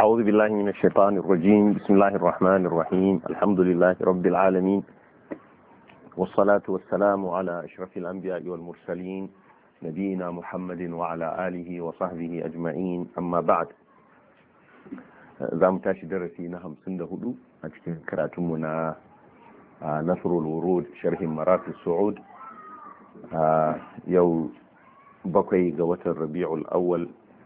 أعوذ بالله من الشيطان الرجيم بسم الله الرحمن الرحيم الحمد لله رب العالمين والصلاة والسلام على أشرف الأنبياء والمرسلين نبينا محمد وعلى آله وصحبه أجمعين أما بعد za mu tashi darasi na hamsin da نصر الورود شرح مرات السعود آه، يو بقي قوة الربيع الأول yau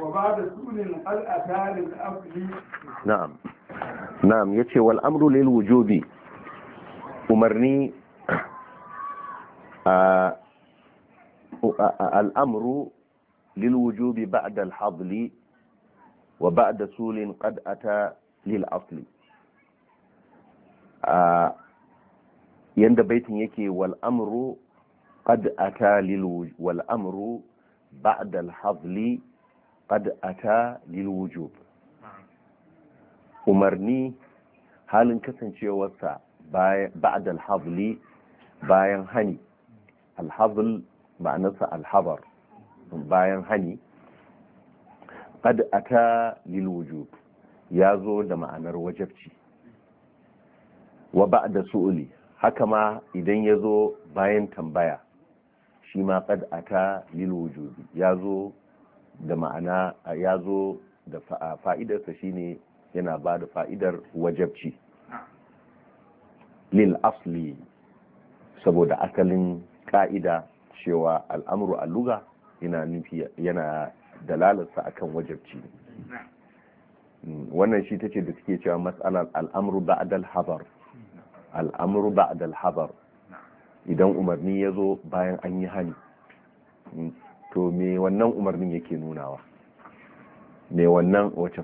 وبعد سؤل قد أتى للأصل نعم نعم يتي والأمر للوجود أمرني آه, آه، الأمر للوجوب بعد الحضل وبعد سول قد أتى للأصل آه يند بيت يكي والأمر قد أتى للوجوب والأمر بعد الحضل qad ata lil wujub umarni halin kasancewarsa ba'da al-hadli bayan hani al-hadl ma'anarsa al bayan hani qad ata lil wujub ya zo da ma'anar wajabci wa ba'da su'uli haka ma idan ya zo bayan tambaya shi ma qad ata lil wujubi ya zo da ma'ana ya zo da fa'idarsa shine yana ba da fa'idar wajabci lil asli saboda asalin ka'ida cewa al'amuru a luga yana nufi yana dalalarsa akan wajabci wannan shi ta ce da suke cewa matsalar al'amuru ba'dal habar al'amuru ba'dal habar idan umarni ya zo bayan an yi hani to me wannan umarnin yake nunawa me wannan wace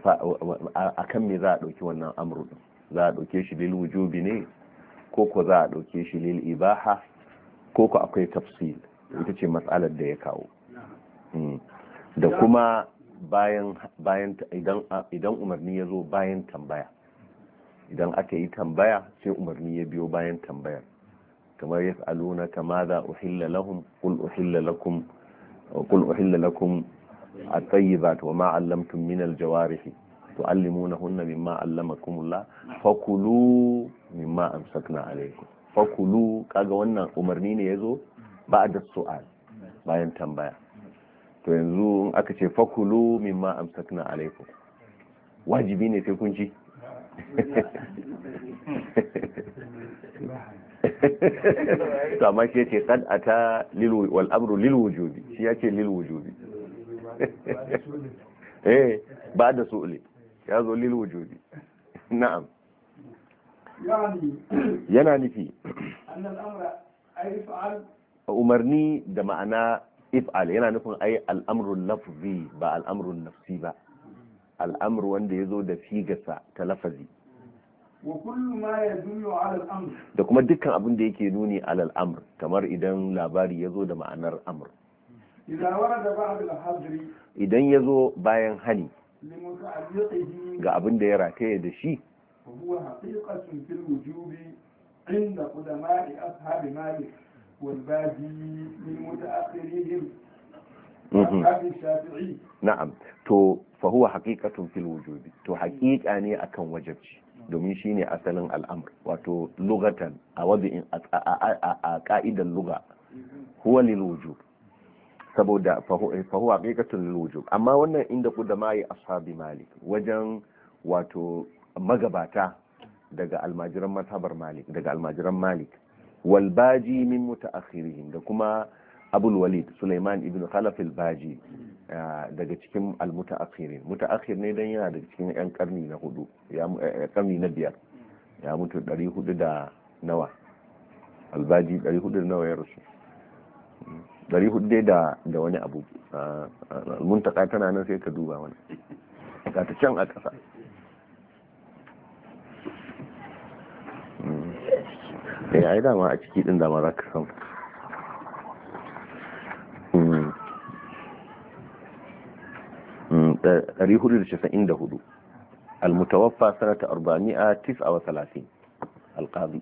a kan me za a ɗauki wannan amru za a ɗauke shi lil wujubi ne ko ko za a ɗauke shi lil ibaha ko ko akwai tafsil ita ce matsalar da ya kawo mm. da kuma bayan bayan idan idan umarni ya zo bayan tambaya idan aka yi tambaya sai umarni ya biyo bayan tambayar kamar yas'aluna kama za uhilla lahum qul uhilla lakum qul uhilla lakum at-tayyibat wa ma 'allamtum min al-jawarihi tu'allimunahunna mimma 'allamakumullah fakulu mimma amsakna alaykum fakulu kaga wannan umarni ne yazo ba'da su'al bayan tambaya to yanzu in aka ce fakulu mimma amsakna alaikum wajibi ne sai kun to amma shi yake kad ata lil wal amru lil wujubi shi yake lil wujubi eh ba da su'li ya zo lil wujubi na'am yana nufi umarni da ma'ana if'al yana nufin ai al'amru lafzi ba al'amru nafsi ba al'amru wanda ya zo da figasa ta lafazi da kuma dukkan abin da yake nuni alal amr kamar idan labari ya zo da ma'anar amr idan ya zo bayan hani ga abin da ya rataye da shi mhm. na'am to أصحاب مالك والباجي to متأخرهم نعم تو فهو حقيقة في domin shi ne asalin al'amur wato lugatan a wabi'in a ka'idar luga huwa liluju saboda fahuwa eh, ƙiƙatun liluju amma wannan inda ku kudama a ashabi malik wajen wato magabata daga almajiran masabar malik daga almajiran malik walbaji min mutaakhirihim da kuma Abulwalid, Suleiman, sulaiman ibn khalaf baji daga cikin almutaakhirin mutaakhir ne dan yana daga cikin yan karni na hudu ya karni na biyar ya mutu 400 da nawa albaji 400 da nawa ya rasu 400 da da wani abu almuntaka tana nan sai ka duba wani ga ta can a kasa ya yi dama a ciki din dama za ka samu 494 المتوفى سنة 439 القاضي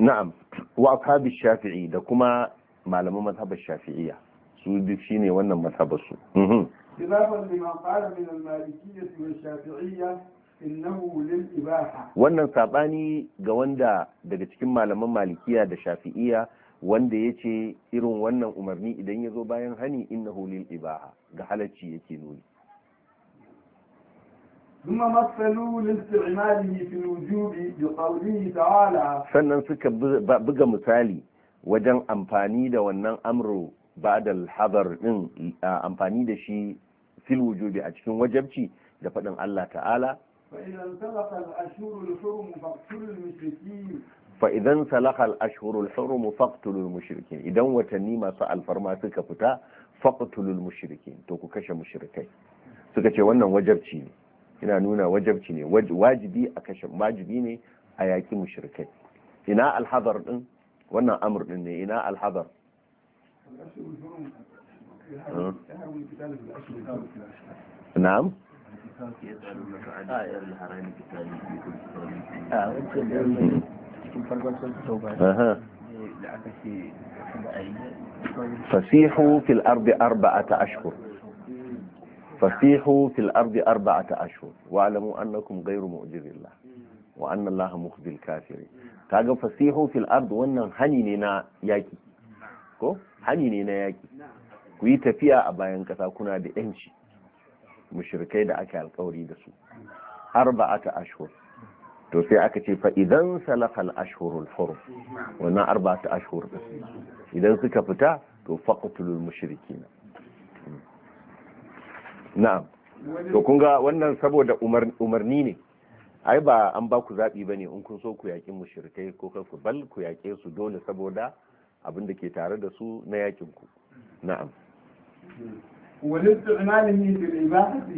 na'am wa ashabi shafi'i da kuma malaman mazhabar shafi'iyya su duk shine wannan mazhabar su khilafan liman qala min al-malikiyyah wa shafi'iyyah innahu lil ibaha wannan sabani ga wanda daga cikin malaman malikiya da shafi'iyya wanda ya ce irin wannan umarni idan ya zo bayan hani inna hulil ibaha ga halacci yake nuni sannan suka buga misali wajen amfani da wannan Amro, ba'da al-hadar din amfani da shi fil a cikin wajabci da faɗin Allah ta'ala fa idan salakal ashhurul hurum faqtulul mushrikin idan watanni masu alfarma suka fita faqtulul mushrikin to ku kashe mushrikai suka ce wannan wajabci ne ina nuna wajabci ne wajibi a kashe wajibi ne a yaki mushrikai ina alhazar din wannan amr din ne ina alhazar na'am na'am ah, cikin farkon tauba da aka ce fasihu fil ardi arba'ata ashhur fasihu fil ardi arba'ata ashhur wa'lamu annakum ghayru mu'jizillah wa anna allaha mukhzil kafirin kaga fasihu fil ard wannan hani ne na yaki ko hani ne na yaki ku yi tafiya a bayan kasa kuna da yanci mushrikai da aka alkawari da su arba'ata ashhur to sai aka ce fa idan salakal ashhurul hurum wannan arba'atu ashhur idan suka fita to faqtulul mushrikin na'am to kun ga wannan saboda umarni ne ai ba an ba ku zaɓi ba ne in kun so ku yaki mushrikai ko ku bal ku yake su dole saboda abin da ke tare da su na yakin ku na'am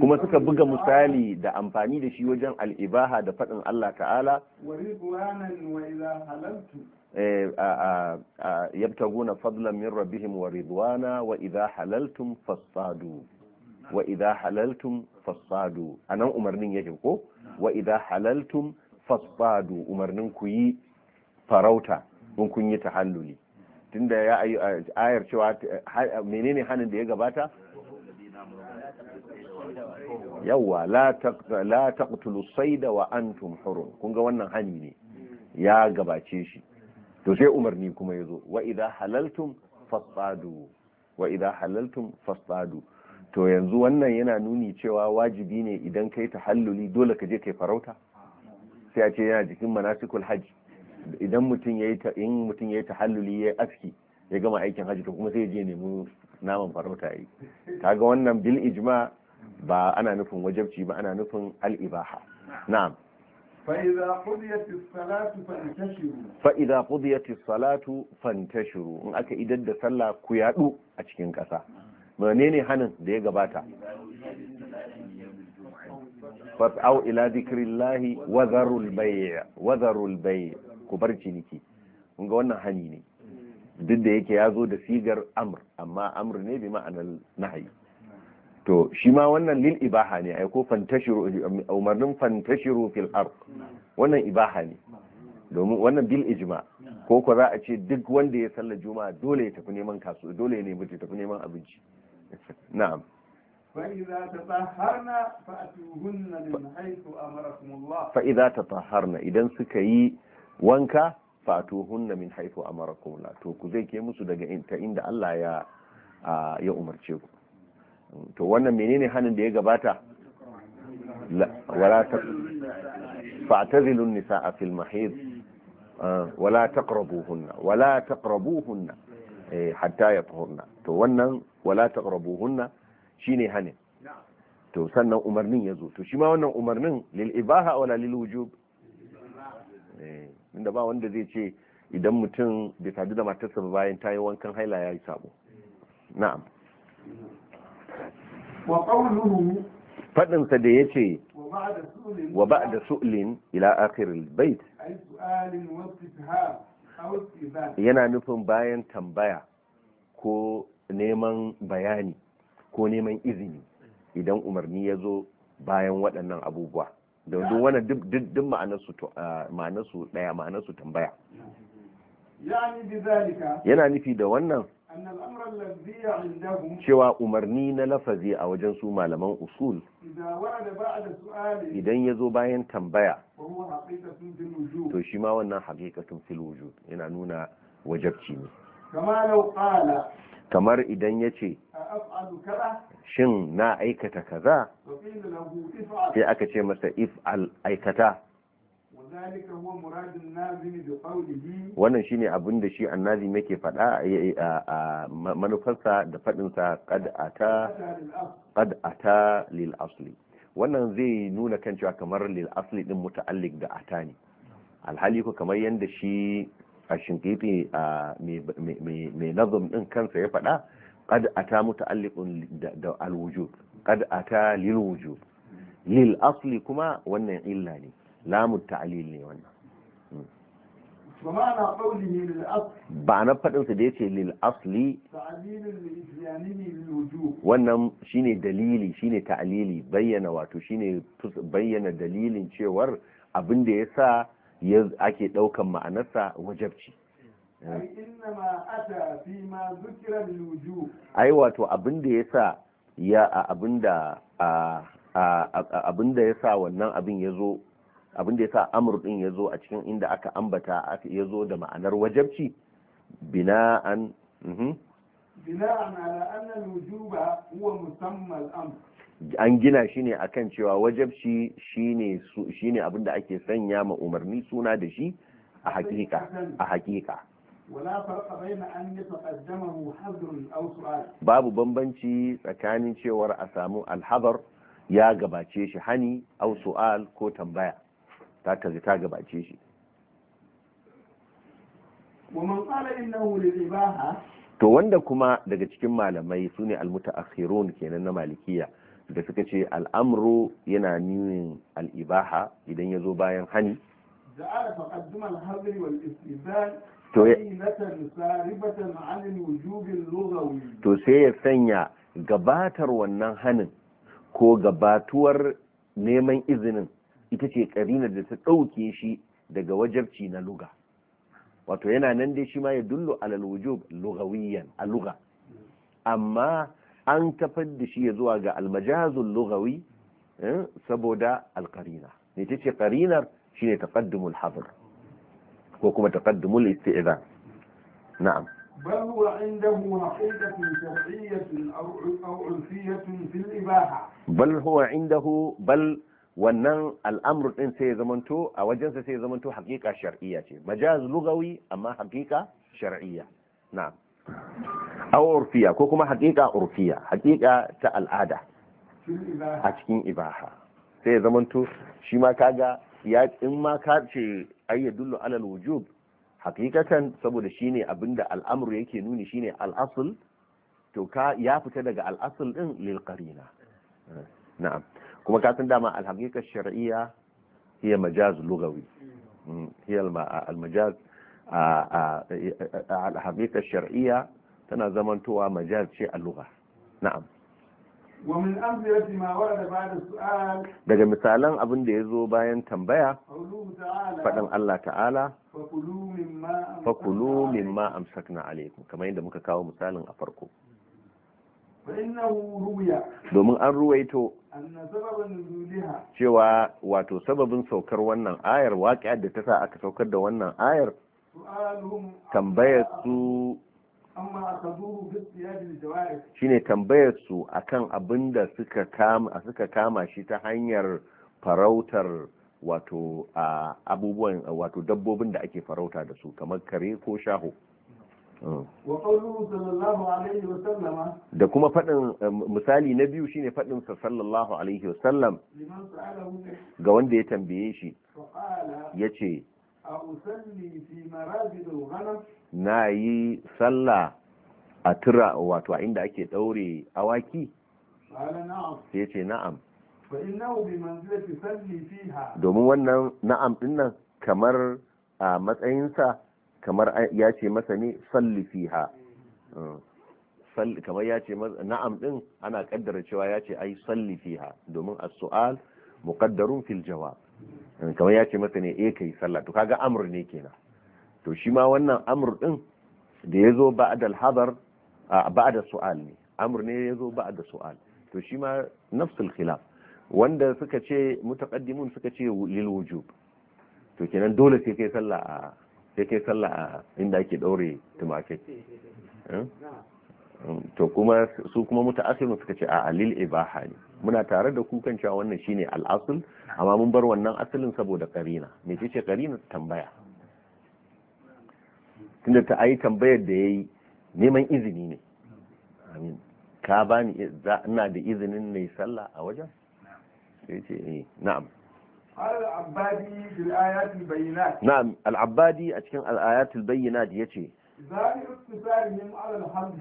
kuma suka buga misali da amfani da shi wajen al'ibaha da faɗin Allah ta'ala eh, guna fadlan min rabbihim wa ridwana wa idha halaltum fasadu wa idha halaltum fasadu anan umarnin yake ko wa idha halaltum fasadu umarnin ku yi farauta mun kun yi tahalluli tunda ya ayar cewa menene hanin da ya gabata Yawwa la taqtulu sayda wa antum hurun kun ga wannan hani ne ya gabace shi to sai umarni kuma yazo wa idha halaltum fasadu wa idha halaltum fasadu to yanzu wannan yana nuni cewa wajibi ne idan kai tahalluli dole ka je kai farauta sai a ce yana jikin manasikul hajji idan mutum yayi in mutum yayi tahalluli yayi aski ya gama aikin hajji to kuma sai ya je nemi naman farauta yi kaga wannan bil ijma ba ana nufin wajabci ba ana nufin al-ibaha na'am فإذا قضيت الصلاة فانتشروا فإذا قضيت الصلاة فانتشروا in aka idar da sallah ku yadu a cikin ƙasa menene hanin da ya gabata fas'au ila dhikrillahi wa dharul bay' wa dharul bay' ku bar ciniki kun ga wannan hani ne duk da yake ya zo da sigar amr amma amr ne bi ma'anar nahayi to shi ma wannan lil ibaha ne ai ko fantashiru umarnin fantashiru fil ard wannan ibaha ne domin wannan bil ijma ko ko za a ce duk wanda ya sallar juma'a dole ya tafi neman kasuwa dole nemi mutu tafi neman abinci na'am fa atuhunna min haythu amarakumullah fa idza فإذا idan suka yi wanka hunna min haifu a la to ku zai ke musu daga ta inda Allah ya ya umarce ku to wannan menene hannun da ya gabata wala ta nisa a fil mahid wala hunna, wala hunna, e, hatta ya yatahurna to wannan wala shi shine hanin to sannan umarnin ya zo to shi ma wannan umarnin lil ibaha wala lil wujub e, inda ba wanda zai ce idan mutum bai sadu da matarsa ba bayan ta yi wankan haila ya yi sabo na'am faɗinsa da yace ce wa ba'da su'lin ila akhiril bait yana nufin bayan tambaya ko neman bayani ko neman izini idan umarni ya zo bayan waɗannan abubuwa don duk wannan duk ma'anarsu ma'anarsu daya ma'anarsu tambaya yana nufi da wannan cewa umarni na lafazi a wajen su malaman usul idan ya zo bayan tambaya to shi ma wannan haƙiƙatun fil yana nuna wajabci ne kamar idan ya ce shin na aikata kaza sai aka ce masa if al aikata wannan shine abin da shi annazi yake faɗa a manufarsa da faɗinsa a ta lil asli wannan zai nuna kan cewa kamar lil asli din muta'alliq da ata ne alhali ko kamar yadda shi a shinkiti a mai nazum din kansa ya faɗa ta mutu alliƙun da alwujud a ta lil wuju. lil asli kuma wannan illa ne lamu ta'lil ne wannan hmm. ba na faɗinsa da ya ce lil asli wannan shine dalili shine ta'alili bayyana wato shine bayyana dalilin cewar abin da ya sa ake ɗaukan ma'anarsa wajabci ai wato abin da ya sa ya abin da abin da ya sa wannan abin ya zo abin da ya sa amur din ya zo a cikin inda aka ambata ya zo da ma'anar wajabci bina an mhm. ala anna al-wujuba huwa musamma amr an gina shi ne a kan cewa wajabci shi ne abinda ake sanya ma umarni suna da shi a hakika a hakika babu bambanci tsakanin cewar a samu alhabar ya gabace shi hani au su'al ko tambaya ta kazi ta gabace shi to wanda kuma daga cikin malamai su ne almutaakhirun kenan na malikiya da suka ce al'amru yana nunin al'ibaha idan ya zo bayan hani to sai ya sanya gabatar wannan hanin ko gabatuwar neman izinin ita ce karinar da ta ɗauke shi daga wajabci na luga wato yana nan dai shi ma ya dullo alal wujub lugawiyan a luga amma an tafar da shi zuwa ga almajazul lughawi eh, saboda alqarina ne tace qarinar shine taqaddumul hadr ko kuma taqaddumul isti'zan na'am بل هو عنده شرعية أو عرفية في الإباحة بل هو عنده بل wannan al'amur ɗin sai ya zamanto a wajensa sai ya zamanto hakika shar'iyya ce majaz lugawi amma hakika shar'iyya na'am aw urfiya ko kuma haƙiƙa urfiya haƙiƙa ta al'ada a cikin ibaha sai ya zamanto shi ma kaga ya in ma ka ce ayyadullu alal wujub hakikatan saboda shine abinda al'amru yake nuni shine al'asul to ka ya fita daga al'asul din lil qarina na'am kuma ka san dama al haqiqa shar'iyya hiya majaz lugawi hmm, hiya al majaz alhabita shar'iyya tana zamantowa majal ce a lugha na'am daga misalan abin da ya zo bayan tambaya faɗin Allah ta'ala fakulu mimma amsakna alaikum kamar yadda muka kawo misalin a farko domin an ruwaito cewa wato sababin saukar wannan ayar waƙiyar da ta sa aka saukar da wannan ayar tambayar su shine tambayar su akan abin da suka kama shi ta hanyar farautar wato abubuwan wato dabbobin da ake farauta da su kamar kare ko shaho mm. da kuma faɗin um, misali na biyu shine faɗin sa sallallahu alaihi wasallam ga wanda ya tambaye shi ya ce na yi sallah a tura wato a inda ake ɗaure awaki sai ce na'am domin wannan na'am dinnan kamar a matsayinsa kamar ya ce masa ne salli fiha mm. kamar ya ce na'am din ana kaddara cewa ya ce ai salli fiha domin as-su'al muqaddarun fil jawab kamar ya ce masa ne eh kai sallah to kaga amr ne kenan to shi ma wannan amr din da yazo zo al-hadar ba'da su'al ne amr ne yazo ba'ada su'al to shi ma nafsul khilaf wanda suka ce mutaqaddimun suka ce lil wujub to kenan dole sai kai sallah a sai kai sallah a inda ake daure tumakai eh? to kuma su kuma muta'assirun suka ce a alil ibaha ne muna tare da ku kan cewa wannan shine asl amma mun bar wannan asalin saboda karina me ce ce, karina tambaya tunda ta ayi tambayar da yayi neman izini ne amin ka bani ina da izinin ne sallah a wajen sai ce eh na'am na'am al-abbadi a cikin al-ayatul bayyinat yace zahirul tisarihim ala al-hamd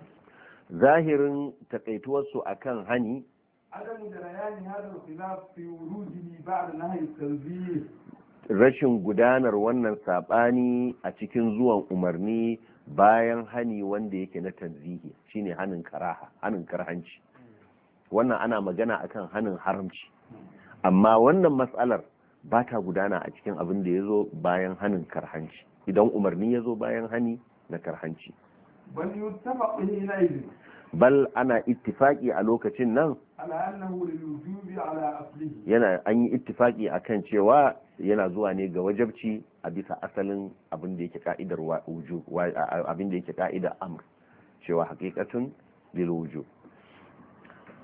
zahirin takaituwarsu akan hani rashin gudanar wannan saɓani a cikin zuwan umarni bayan hani wanda yake na tanzihi shine hanin karaha hanin karhanci wannan ana magana akan hanin haramci amma wannan matsalar ba ta gudana a cikin abin da ya zo bayan hanin karhanci idan umarni ya zo bayan hani na karhanci bal ana ittifaki a lokacin nan yana an yi ittifaki kan cewa yana zuwa ne ga wajabci a bisa asalin abin da yake ka'idar wujub cewa hakikatun lil wujub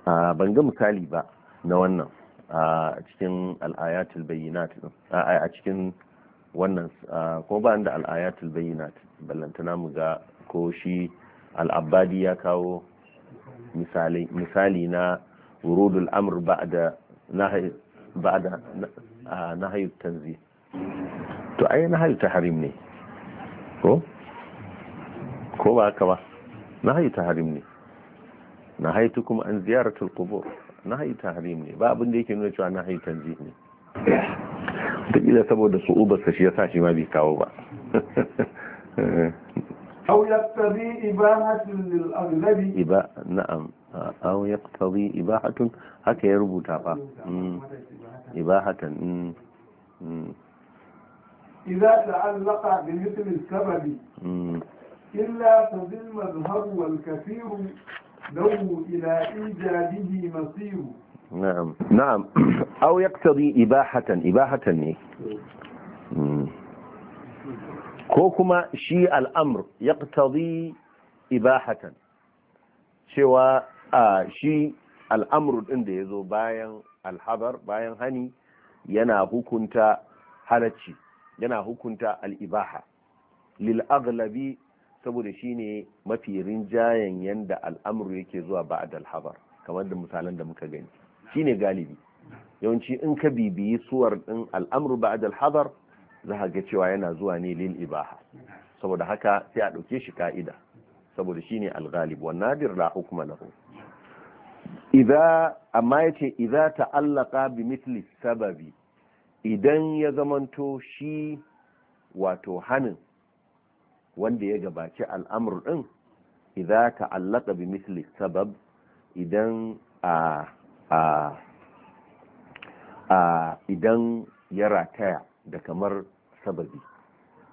ban ga misali ba na wannan a cikin al'ayatul bayyinat a cikin wannan ko ba da al'ayatul bayyinat ballantana mu ga ko shi al'abbadi ya kawo misali na wurudul amr ba da nahayu tanzih to ai nahayu tahrim ne ko ko ba haka ba nahayu tahrim ne kuma an ziyaratul na nahayu tahrim ne ba abin da yake nuna cewa nahayu tanzi ne ta saboda su'ubar sa shi sa shi ma bai kawo ba أو يقتضي إباحة للأغلب إبا... نعم أو يقتضي إباحة هكا يربو هكا إباحة مم. مم. إذا تعلق بمثل السبب إلا فذي المذهب والكثير لو إلى إيجاده مصير نعم نعم أو يقتضي إباحة إباحة إيه؟ ko kuma shi al'amur ya ƙtazi ibahatan cewa a shi al'amur ɗin da ya zo bayan alhabar bayan hani yana hukunta halacci yana hukunta al'ibaha lil'aglabi saboda shi ne mafi rinjayen yadda al'amur yake zuwa ba alhabar kamar da misalan da muka gani shi ne galibi yawanci in ka bibiyi suwar ɗin al'amur ba alhabar za a ga cewa yana zuwa ne lil ibaha saboda haka sai a ɗauke shi ka'ida saboda shine al-ghalib wa nadir la hukma lahu idza amma yace idza ta'allaqa bi mithli sababi idan ya zamanto shi wato hanin wanda ya gabaci al'amur din idza ta'allaqa bi mithli sabab idan a a a idan ya rataya da kamar sababi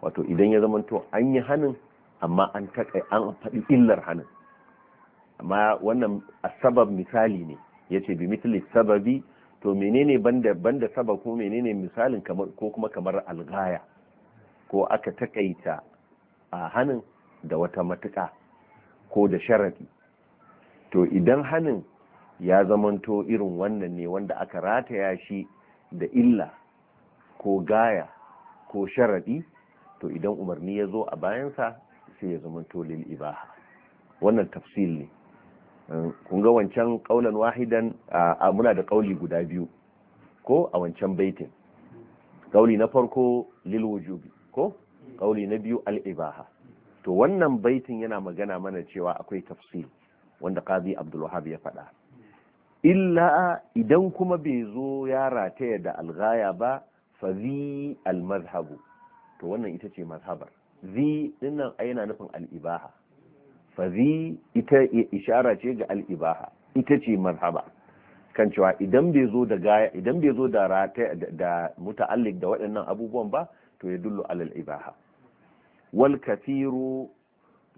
wato idan ya zamanto an yi hannun amma an an faɗi illar hannun amma wannan a sabab misali ne ya ce bi mitali sababi to menene banda banda sabab ko menene misalin kamar ko kuma kamar algaya ko aka takaita a hannun da wata matuka ko da sharafi to idan hannun ya zamanto irin wannan ne wanda aka rataya shi da illa ko gaya ko sharaɗi to idan umarni ya zo a bayansa sai ya zama tolil ibaha wannan tafsil ne kun ga wancan ƙaunar wahidan a muna da ƙauli guda biyu ko a wancan baitin ƙauli na farko lil wujubi ko kauli na biyu al'ibaha to wannan baitin yana magana mana cewa akwai tafsil wanda kabi abdulwahab ya faɗa illa idan kuma bai zo ya rataya da algaya ba fa zi al to wannan ita ce mazhabar zi dinnan ai yana nufin al'ibaha. ibaha fa zi ita ishara ce ga al ibaha ita ce mazhaba kan cewa idan bai zo da gaya idan bai zo da rata da muta'alliq da waɗannan abubuwan ba to ya dullu alal ibaha wal kathiru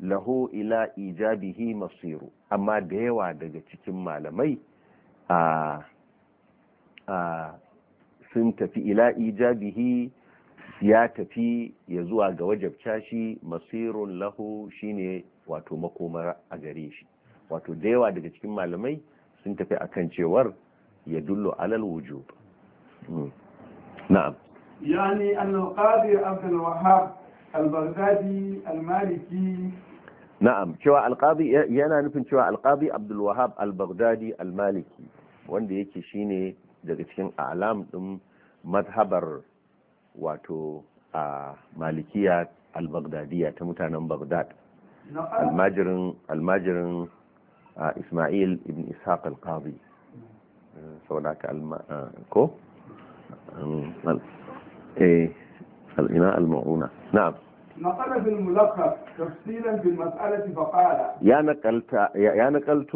lahu ila ijabihi masiru amma da yawa daga cikin malamai a sun tafi ila ijabihi ya tafi ya zuwa ga wajabta shi masirun lahu shine wato makomar a gare shi wato da yawa daga cikin malamai sun tafi akan cewar ya dullo alal wujub hmm. na'am yani al-qadi abdul wahhab al-baghdadi al-maliki na'am cewa al-qadi yana nufin cewa al-qadi abdul wahhab al-baghdadi al-maliki wanda yake shine daga cikin alam ɗin mazhabar wato a malikiya al-baghdadiya ta mutanen baghdad almajirin almajirin ismail ibn ishaq al-qadi eh, saboda ka ko الإناء المعونة نعم نقل في الملقب تفصيلا فقال يا نقلت يا نقلت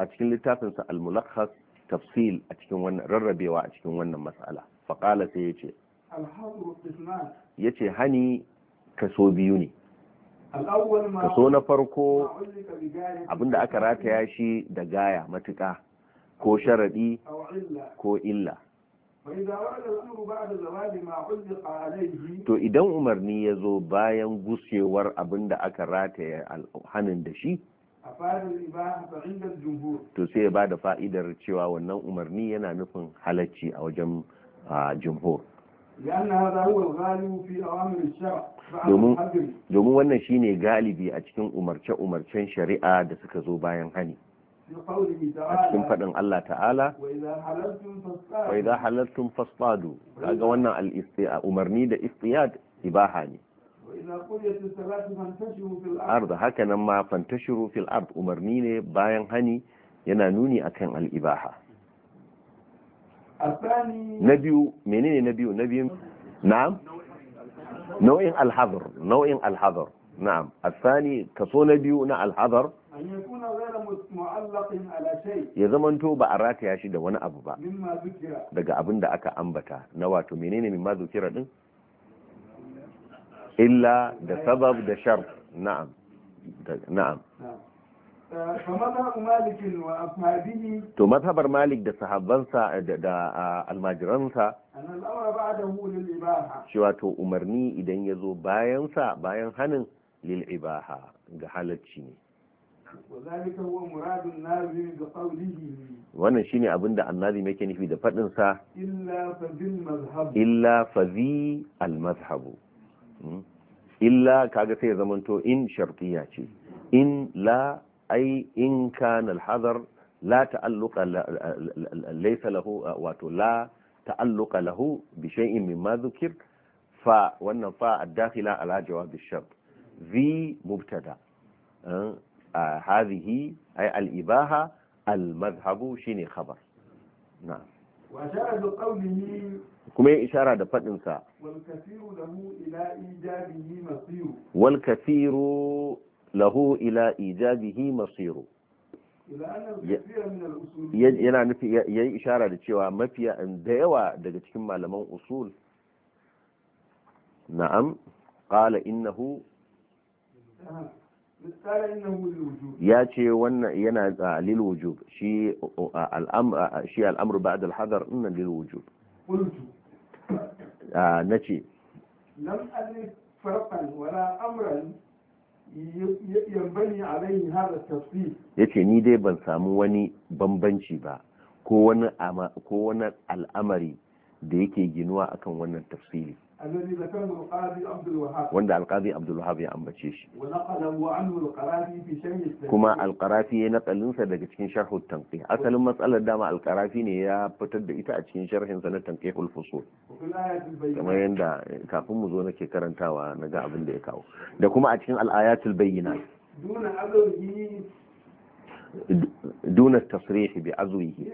أتكلم لتافنس الملخص tafsil a cikin wannan rarrabewa a cikin wannan mas'ala faƙala sai ya ce ya ce hani kaso biyu ne kaso na farko abinda aka rataya shi da gaya matuƙa ko sharaɗi ko illa to idan umarni ya zo bayan gushewar abinda aka rataya hannun da shi to sai ya ba da fa'idar cewa wannan umarni yana nufin halacci a wajen jumhur domin wannan shine galibi a cikin umarce-umarcen shari'a da suka zo bayan hani a cikin faɗin Allah ta'ala wai za halartun fasfadu kaga wannan umarni da istiyad ibaha ne arda haka nan ma fantashiru fil ard umarni ne bayan hani yana nuni akan al na biyu menene na biyu na biyu na'am nau'in al nau'in al na'am asani kaso na biyu na al ya zamanto ba a rataya shi da wani abu ba daga abin da aka ambata na wato menene ma zukira din illa da sabab da shar na'am na'am to mazhabar malik da sahabbansa da almajiransa shi wato umarni idan ya zo bayansa bayan hannun lil'ibaha ga halarci ne wannan shine abin da annabi yake nufi da faɗinsa illa fazi al-mazhabu illa kaga sai ya zamanto in shartiya ce in la ai in kana alhadar la ta'alluqa laysa lahu wato la ta'alluqa lahu bi shay'in mimma dhukir fa wannan fa ad-dakhila ala jawab ash-shart ذي مبتدا هذه أي الإباحة المذهب شيني خبر نعم وشاهد قوله kuma ya ishara da faɗinsa wal kathiru lahu ila ijabihi masiru yana nufi ya yi ishara da cewa mafiya da yawa daga cikin malaman usul na'am qala innahu ya ce wannan yana a lil wujub shi al'amru ba'da al-hadar inna lil wujub na ce lam alif farqan wala amran yambani alayhi hada tafsir yace ni dai ban samu wani bambanci ba ko wani al'amari da yake ginuwa akan wannan tafsiri wanda alqadi abdul ya ambace shi kuma alkarafi ya nakalin daga cikin sharhun tanke asalin matsalar dama alkarafi ne ya fitar da ita a cikin sharhin sa na tanqihul fusul kamar yadda kafin mu zo nake karantawa na ga abin da ya kawo da kuma a cikin al bayyana duna tasrihi bi azwihi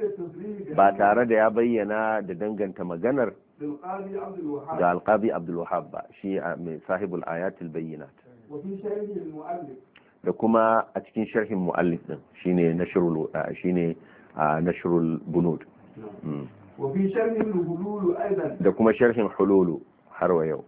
ba tare da ya bayyana da danganta maganar ga alqabi abdul wahab ba shi mai sahibul ayatul bayyinat da kuma a cikin sharhin muallif din shine nashrul shine nashrul bunud hmm. da kuma sharhin hululu har wa yau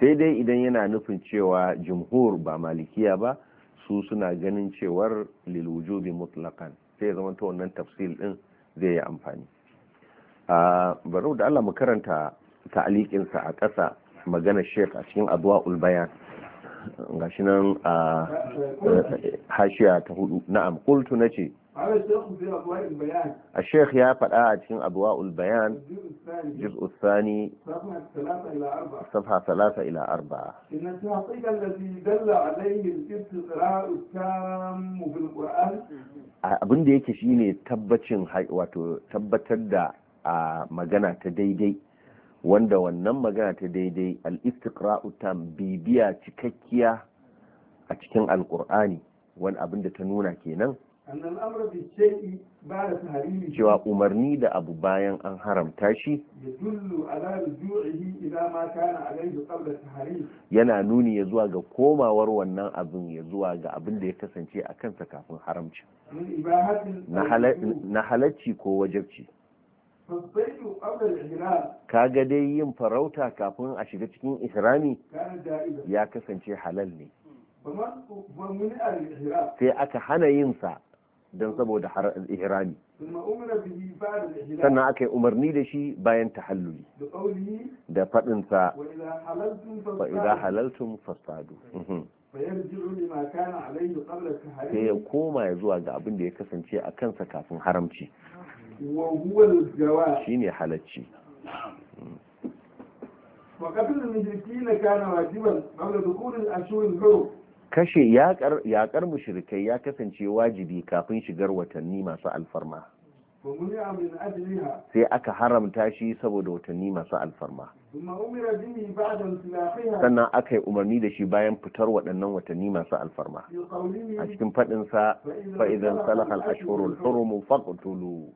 sai dai idan yana nufin cewa jumhur ba malikiya ba su suna ganin cewar lil wujubi sai zama ta wannan tafsil din zai yi amfani a barau da Allah mu karanta ta'aliqin alikinsa a ƙasa magana sheikh a cikin adwa ul bayan gashi nan a hashiya ta hudu na'am na ce a sheikh ya faɗa a cikin abuwa bayan juz'u Usani, safha salasa ila arba abin da yake shine tabbacin wato tabbatar da magana ta daidai wanda wannan magana ta daidai al-istiqra'u tam bibiya cikakkiya a cikin alkur'ani wani abin da ta nuna kenan cewa umarni da abu bayan an haramta shi yana nuni ya zuwa ga komawar wannan abin ya zuwa ga abin da ya kasance a kansa kafin haramci na halacci ko wajabci kaga dai yin farauta kafin a shiga cikin ihrami ya kasance halal ne sai aka hana yin sa don saboda ihrami sannan aka yi umarni da shi bayan tahalluli da faɗinsa idan halaltun fasadu mhm. sai ya koma ya zuwa ga abin da ya kasance a kansa kafin haramci shi ne halacci kashe yaƙar mushrikai ya kasance wajibi kafin shigar watanni masu alfarma sai aka haramta shi saboda watanni masu alfarma sannan aka yi umarni da shi bayan fitar waɗannan watanni masu alfarma a cikin faɗinsa fa’idan salahal ashurul hurumu faƙutulu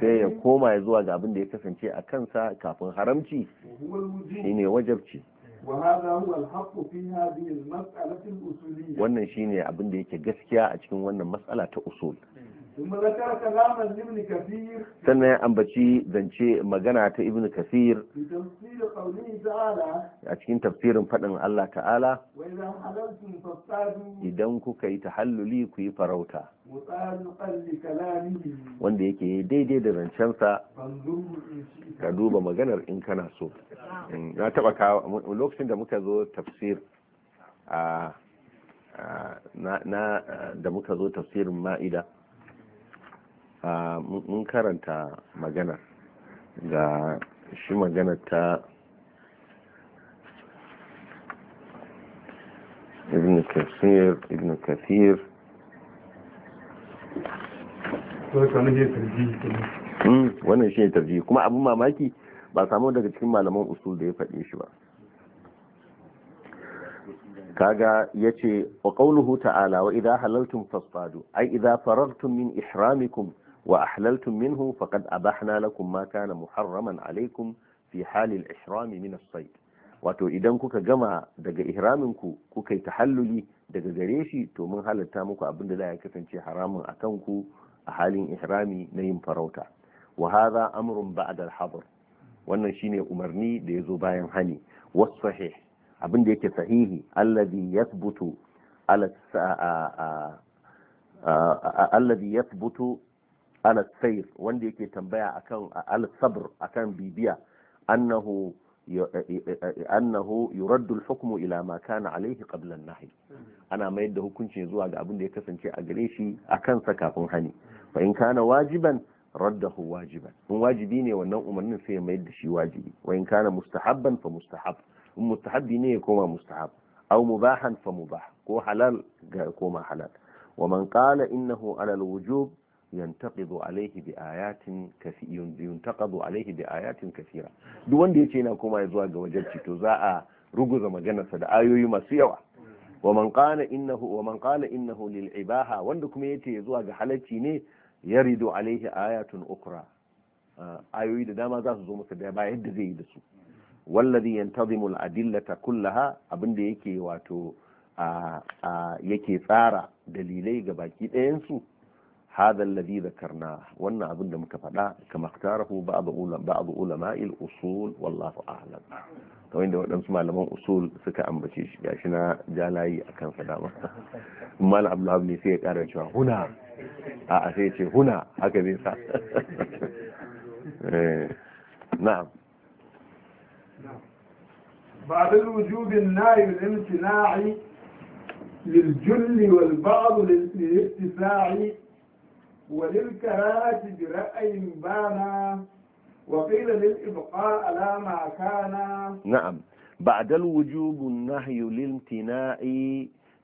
sai ya koma ya zuwa ga abin da ya kasance a kansa kafin haramci shine wajabci wannan shine abin da yake gaskiya a cikin wannan matsala ta usul sannan ya ambaci zance magana ta ibn kafir a cikin tafsirin faɗin Allah ta'ala idan kuka yi tahalluli ku yi farauta wanda yake daidai da zancensa ka duba maganar in kana so na taɓa kawo lokacin da muka zo tafsir a na da muka zo tafsirin ma'ida mun karanta magana ga shi magana ta ibn kafir ibn kafir hmm, wannan shi ne tarji kuma abin mamaki ba samu daga cikin malaman usul da ya faɗi shi ba kaga yace wa ƙauluhu ta'ala wa idan halartun fasfadu ai idan farartun min ihramikum wa ahlaltum minhu faqad abahna lakum ma kana muharraman alaikum fi halil ihrami min as wato idan kuka gama daga ihramin ku kuka yi tahalluli daga gare shi to mun halatta muku abin da ya kasance haramun akan ku a halin ihrami na yin farauta wa hadha amrun ba'da al-hadr wannan shine umarni da ya zo bayan hani wa sahih abin yake sahihi alladhi yathbutu ala alladhi yathbutu ala sayf wanda yake tambaya akan al sabr akan bibiya annahu eh, eh, eh, annahu yuraddu al-hukmu ila ma kana alayhi qabla an-nahy ana mayar da hukunci zuwa ga abin da ya kasance a gare shi akan sa kafin hani fa in kana wajiban raddahu wajiban in wajibi ne wannan umarnin sai ya mayar da shi wajibi wa in kana mustahabban fa mustahab in mustahabbi ne ya koma mustahab aw mubahan fa mubah ko halal ga koma halal wa man qala innahu ala al-wujub yantaqidu alaihi bi ayatin kafiyyun yuntaqadu alaihi bi ayatin kathira duk wanda yace yana koma zuwa ga wajabci to za a ruguza maganarsa da ayoyi masu yawa wa man qala innahu wa man qala innahu lil ibaha wanda kuma yace zuwa ga halacci ne yaridu alaihi ayatun ukra ayoyi da dama za su zo masa da ba yadda zai yi da su wallazi yantazimu al adillata kullaha abinda yake wato a yake tsara dalilai ga baki ɗayan su هذا الذي ذكرناه وانا اظن مكفلا كما اختاره بعض علماء بعض علماء الاصول والله اعلم تو ان دون اسماء لما اصول سكا ام بشيش يا جالاي اكن سلام ما لعب لعب لي سي قال شو هنا اه هنا هكا بيسا إيه. نعم بعد الوجود النائب الامتناعي للجل والبعض للاتساع وللكراهة برأي بانا وقيل للإبقاء على ما كان نعم بعد الوجوب النهي للامتناع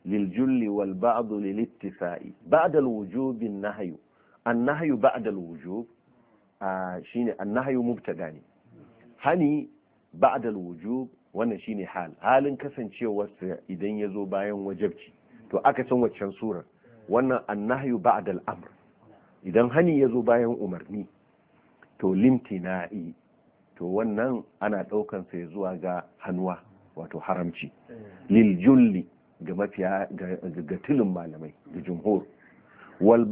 للجل والبعض للاتفاء بعد الوجوب النهي النهي بعد الوجوب آه شيني النهي مبتدا ne hani بعد الوجوب wannan shine hal halin kasancewarsa idan ya zo bayan wajabci to aka san waccan surar wannan annahyu ba'da al-amr idan hani ya zo bayan umarni to limtina'i to wannan ana ɗaukan sai zuwa ga hannuwa wato haramci lil julli ga mafiya ga tilin malamai ga jumhur wal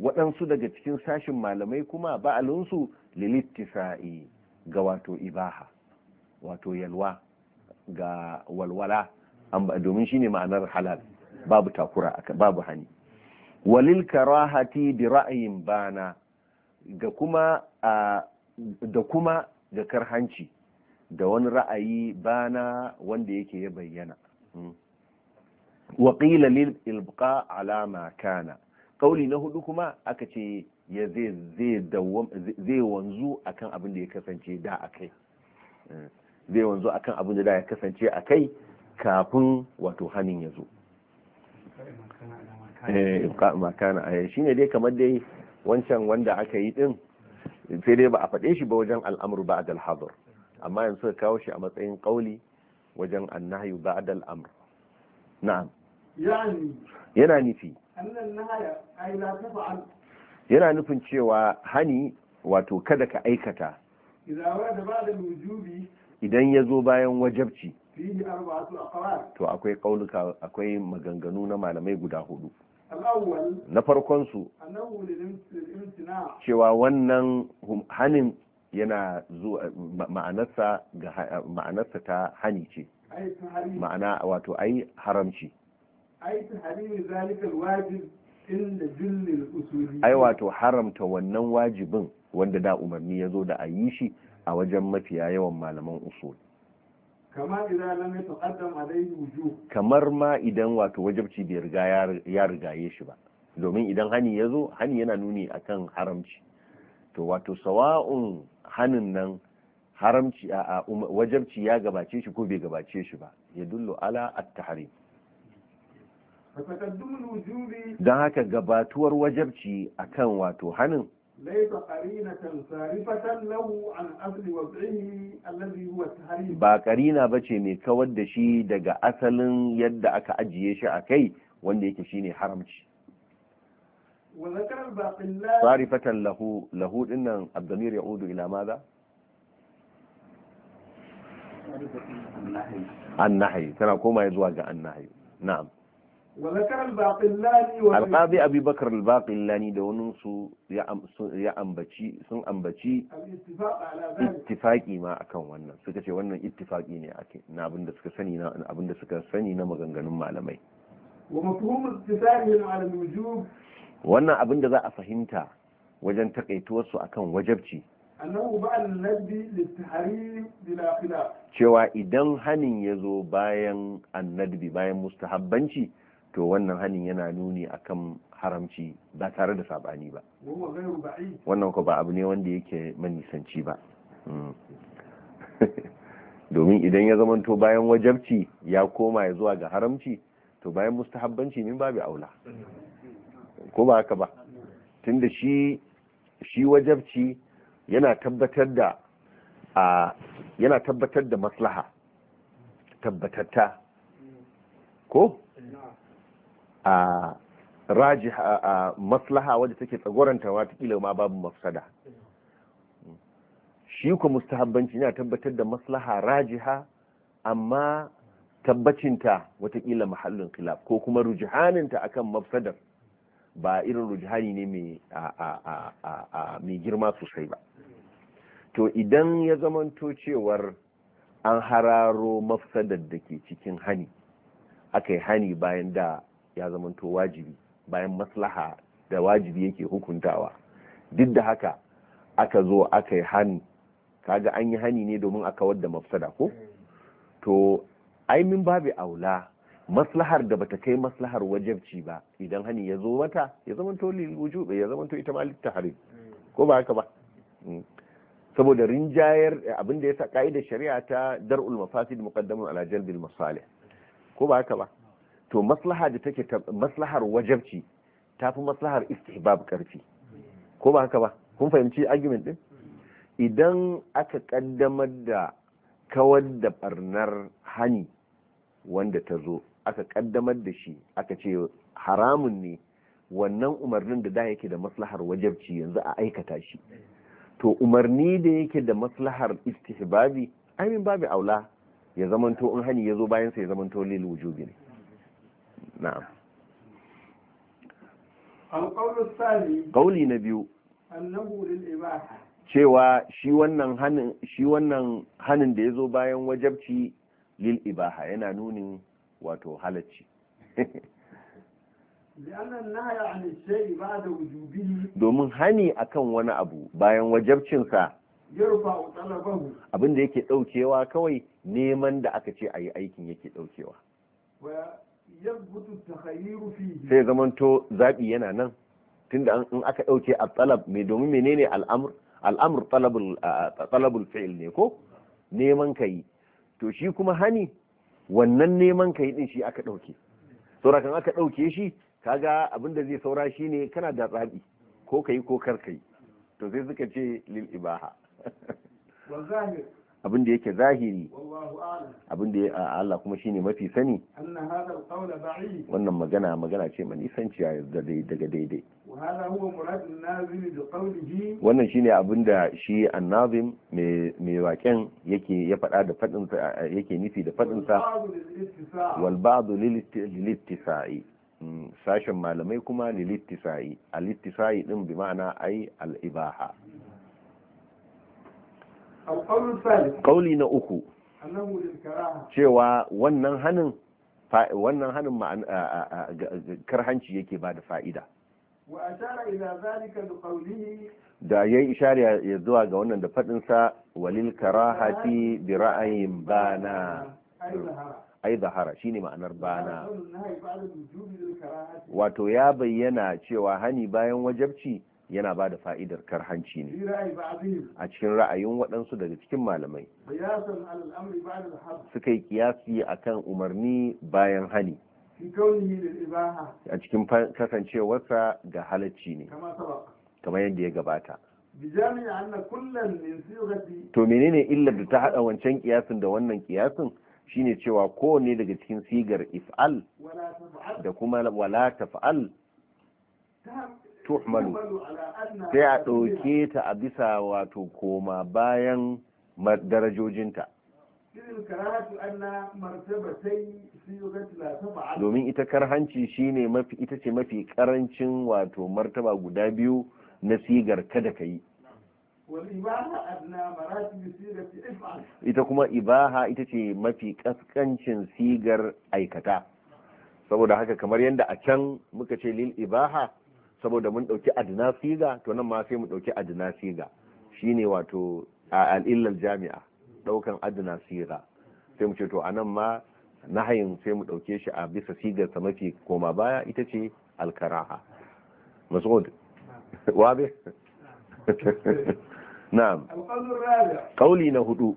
waɗansu daga cikin sashin malamai kuma ba'alunsu lilittisa'i ga wato ibaha wato yalwa ga walwala domin shine ma'anar halal babu takura babu hani walil karahati bi ra'ayin bana ga kuma da kuma ga karhanci da wani ra'ayi bana wanda yake ya bayyana hmm. waƙila lil ilbqa alama kana kauli na hudu kuma aka ce ya zai wanzu akan abin da ya kasance da a kai hmm. zai wanzu akan abin da ya kasance a kafin wato hannun ya zo Eh, makana a eh, yanshi ne dai kamar dai wancan wanda aka yi din sai dai ba a faɗe shi ba wajen al'amur ba a hazur amma yanzu ka kawo shi a matsayin ƙauli wajen annahyu ba a amr na'am yana nufi yana nufin cewa hani wato kada ka aikata idan ya zo bayan wajabci to akwai ƙauluka akwai maganganu na malamai guda hudu na farkonsu cewa wannan hanin yana zuwa ma'anarsa ga ma'anarsa ta hani ce ma'ana wato ai haramci ai wato haramta wannan wajibin wanda da umarni ya zo da a yi shi a wajen mafiya yawan malaman usuli kamar ma idan wato wajabci bai riga ya rigaye shi ba domin idan hani ya zo hani yana nuni akan haramci to wato sawa'un hanin nan haramci a um, wajabci ya gabace shi ko bai gabace shi ba ya dullo ala at don haka gabatuwar wajabci akan wato hanin ليس قرينة صارفة له عن أصل وضعه الذي هو التحريم با قرينة بچه مي كود دشي دقا أصل يد أكا أجيش أكي وان ديك شيني حرمش وذكر الباقلات صارفة له له إن الضمير يعود إلى ماذا؟ النحي النحي تنا كوما يزواج النحي نعم alƙazi abi bakar albaƙillani da wani su ya ambaci sun ambaci ittifaƙi ma akan wannan suka ce wannan ittifaƙi ne ake na abin da suka sani na abin da suka sani na maganganun malamai wannan abin da za a fahimta wajen takaituwar su akan wajabci cewa idan hanin ya zo bayan annadbi bayan mustahabbanci to wannan hanin yana nuni akan haramci ba tare da saɓani ba wannan ko ba abu ne wanda yake manisanci ba hmm. domin idan ya zamanto bayan wajabci ya koma ya zuwa ga haramci to bayan mustahabbanci min babu aula ko ba haka ba tunda shi shi wajabci yana tabbatar da a yana tabbatar da maslaha tabbatatta ko a raji a maslaha wadda take tsagoranta watakila ma babu mafsada shi ku mustahabbanci yana tabbatar da maslaha rajiha amma tabbacinta watakila mahallin khilaf ko kuma rujihaninta akan mafsadar ba irin rujihani ne mai girma sosai ba to idan ya zamanto cewar an hararo mafsadar da ke cikin hani aka yi hani bayan da ya zamanto wajibi bayan maslaha da wajibi yake hukuntawa duk da haka aka zo aka yi hani kaga an yi hani ne domin a kawar da mafsada ko to ai min babu aula maslahar da bata kai maslahar wajabci ba idan hani ya zo mata ya zamanto lil ya zamanto ita ma lit ko ba haka ba mm. saboda rinjayar abinda ya sa ka'idar shari'a ta dar'ul mafasid muqaddamun ala jalbil masalih ko ba haka ba to maslaha da take maslahar wajabci tafi maslahar istihbab karfi ko ba haka ba kun fahimci argument din idan aka kaddamar da kawar da barnar hani wanda ta zo aka kaddamar da shi aka ce haramun ne wannan umarnin da da yake da maslahar wajabci yanzu a aikata shi to umarni da yake da maslahar istihbabi amin babu aula ya zamanto in hani ya zo bayan ya zamanto lil wujubi ne na'am na biyu cewa shi wannan hanin shi wannan hanin da yazo bayan wajabci lil ibaha yana nunin wato halacci domin hani akan wani abu bayan wajabcinsa abin yake daukewa kawai neman da aka ce a yi aikin yake daukewa sai zamanto zaɓi yana nan tunda in aka ɗauke a tsalab mai domin menene al'amur al'amur tsalabul fa'il ne ko neman ka yi to shi kuma hani wannan neman ka yi din shi aka ɗauke saura kan aka ɗauke shi kaga abin da zai saura shi ne kana da zaɓi ko ka yi ko kar ka yi to sai suka ce lil ibaha abin da yake zahiri abin da Allah kuma shine mafi sani wannan magana magana ce mai nisanci daga daidai wannan shine abin da shi annabin mai waken yake ya faɗa da faɗinsa? yake nufi da faɗin sa wal ba'd hmm, sashen malamai kuma lil ittisa'i al ittisa'i din bi ma'ana ai al ibaha Ƙauli na uku. Cewa wannan hanin wannan hannun karhanci yake ba da fa'ida. Da ya yi ishari ya zuwa ga wannan da faɗinsa walil karahati bi ra'ayin bana. Ai zahara shi ne ma'anar bana. Wato ya bayyana cewa hani bayan wajabci yana ba da fa'idar kar hanci ne a cikin ra'ayin waɗansu daga cikin malamai suka yi kiyasi a kan umarni bayan hani a cikin kasancewarsa ga halacci ne kamar yadda ya gabata to menene illar da ta haɗa wancan kiyasin da wannan kiyasin shine cewa kowane daga cikin sigar if'al da kuma wala fa'al tuhmalu sai a ɗauke ta a bisa wato koma bayan darajojinta domin ita karhanci shine mafi ita ce mafi karancin wato martaba guda biyu na sigar kada ka yi ita kuma ibaha ita ce mafi kaskancin sigar aikata saboda haka kamar yadda a can muka ce lil ibaha saboda mun ɗauki adina siga to nan ma sai mu ɗauki adina siga shine wato a al'illar jami'a ɗaukan adina siga sai mu ce to a nan ma nahayin sai mu ɗauke shi a bisa sigar sa mafi koma baya ita ce alkaraha masud wabe na'am kauli na hudu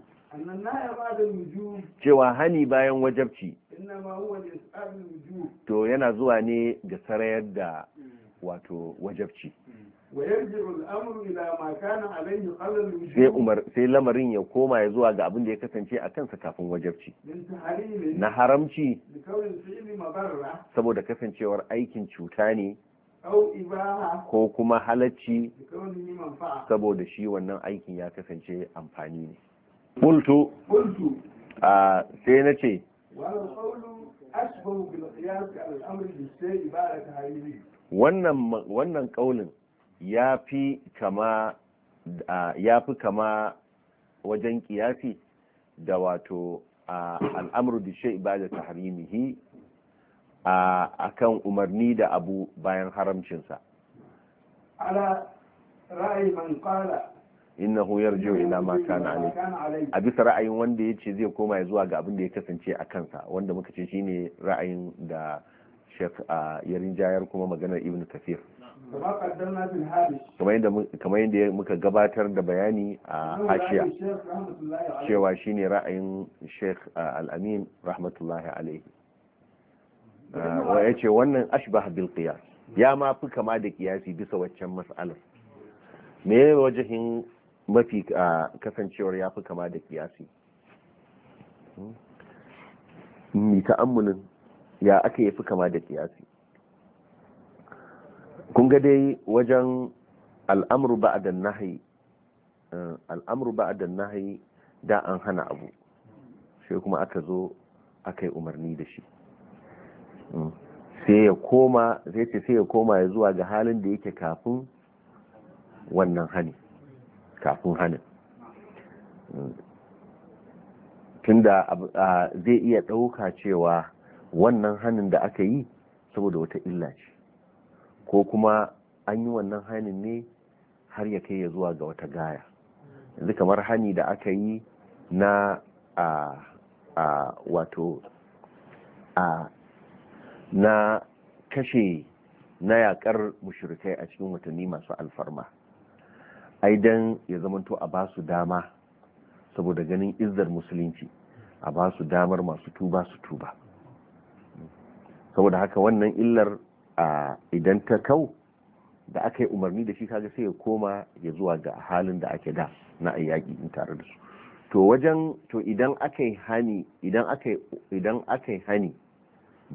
cewa hani bayan wajabci to yana zuwa ne ga sarayar da hmm. wato wajabci sai lamarin ya koma ya zuwa ga abin da ya kasance a kansa kafin wajabci na haramci saboda kasancewar aikin cuta ne ko kuma halacci saboda shi wannan aikin ya kasance amfani ne kultu sai na ce wannan wannan kaulin ya fi kama wajen kiyasi da wato al'amru da shai ba da tahrimihi a kan umarni da abu bayan haramcinsa ala ra'ayi man qala innahu yarji'u ila ma kana alayhi a bisa ra'ayin wanda ya ce zai koma ya zuwa ga abin da ya kasance a kansa wanda muka ce shine ra'ayin da shek a yarin jayar kuma maganar ibn kafir kamar yadda muka gabatar da bayani a hashiya cewa shine ra'ayin shek al'amin rahmatullahi alaihi wa ya ce wannan ashbah bil qiyas ya ma fi kama da kiyasi bisa waccan mas'alar me wajahin mafi kasancewar ya fi kama da kiyasi hmm? mi amunin. ya aka yi fi kama da kiyasi kun ga dai wajen ba a da nahi a da nahi da an hana abu sai kuma aka zo aka yi umarni da shi hmm. sai ya koma zai ce sai ya koma ya zuwa ga halin da yake kafin wannan hani kafin tun hmm. tunda zai iya ɗauka cewa wannan hannun da aka yi saboda wata illa ce ko kuma an yi wannan hannun ne har ya kai ya zuwa ga wata gaya yanzu kamar hani da aka yi na a a wato a na kashe na yakar mushrikai a cikin watanni masu alfarma ai dan ya zamanto a ba su dama saboda ganin izzar musulunci a ba su damar masu tuba su tuba saboda haka wannan illar a idan ta kau da aka yi umarni da shi kaga sai ya koma ya zuwa ga halin da ake da na yaƙi in tare da su to wajen to idan aka yi hani idan aka idan aka yi hani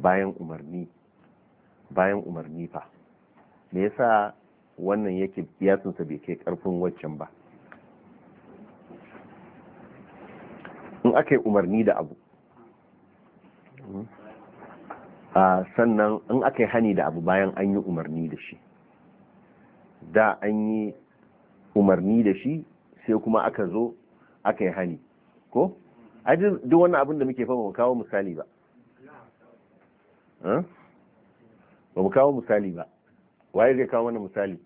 bayan umarni bayan umarni fa me yasa wannan yake yatsunsa bai kai karfin waccan ba in aka yi umarni da abu sannan in aka yi hani da abu bayan an yi umarni da shi da an yi umarni da shi sai kuma aka zo aka yi hani ko ajin duk wannan abin da muke fama ba kawo misali ba ba mu kawo misali ba waye zai kawo wani misali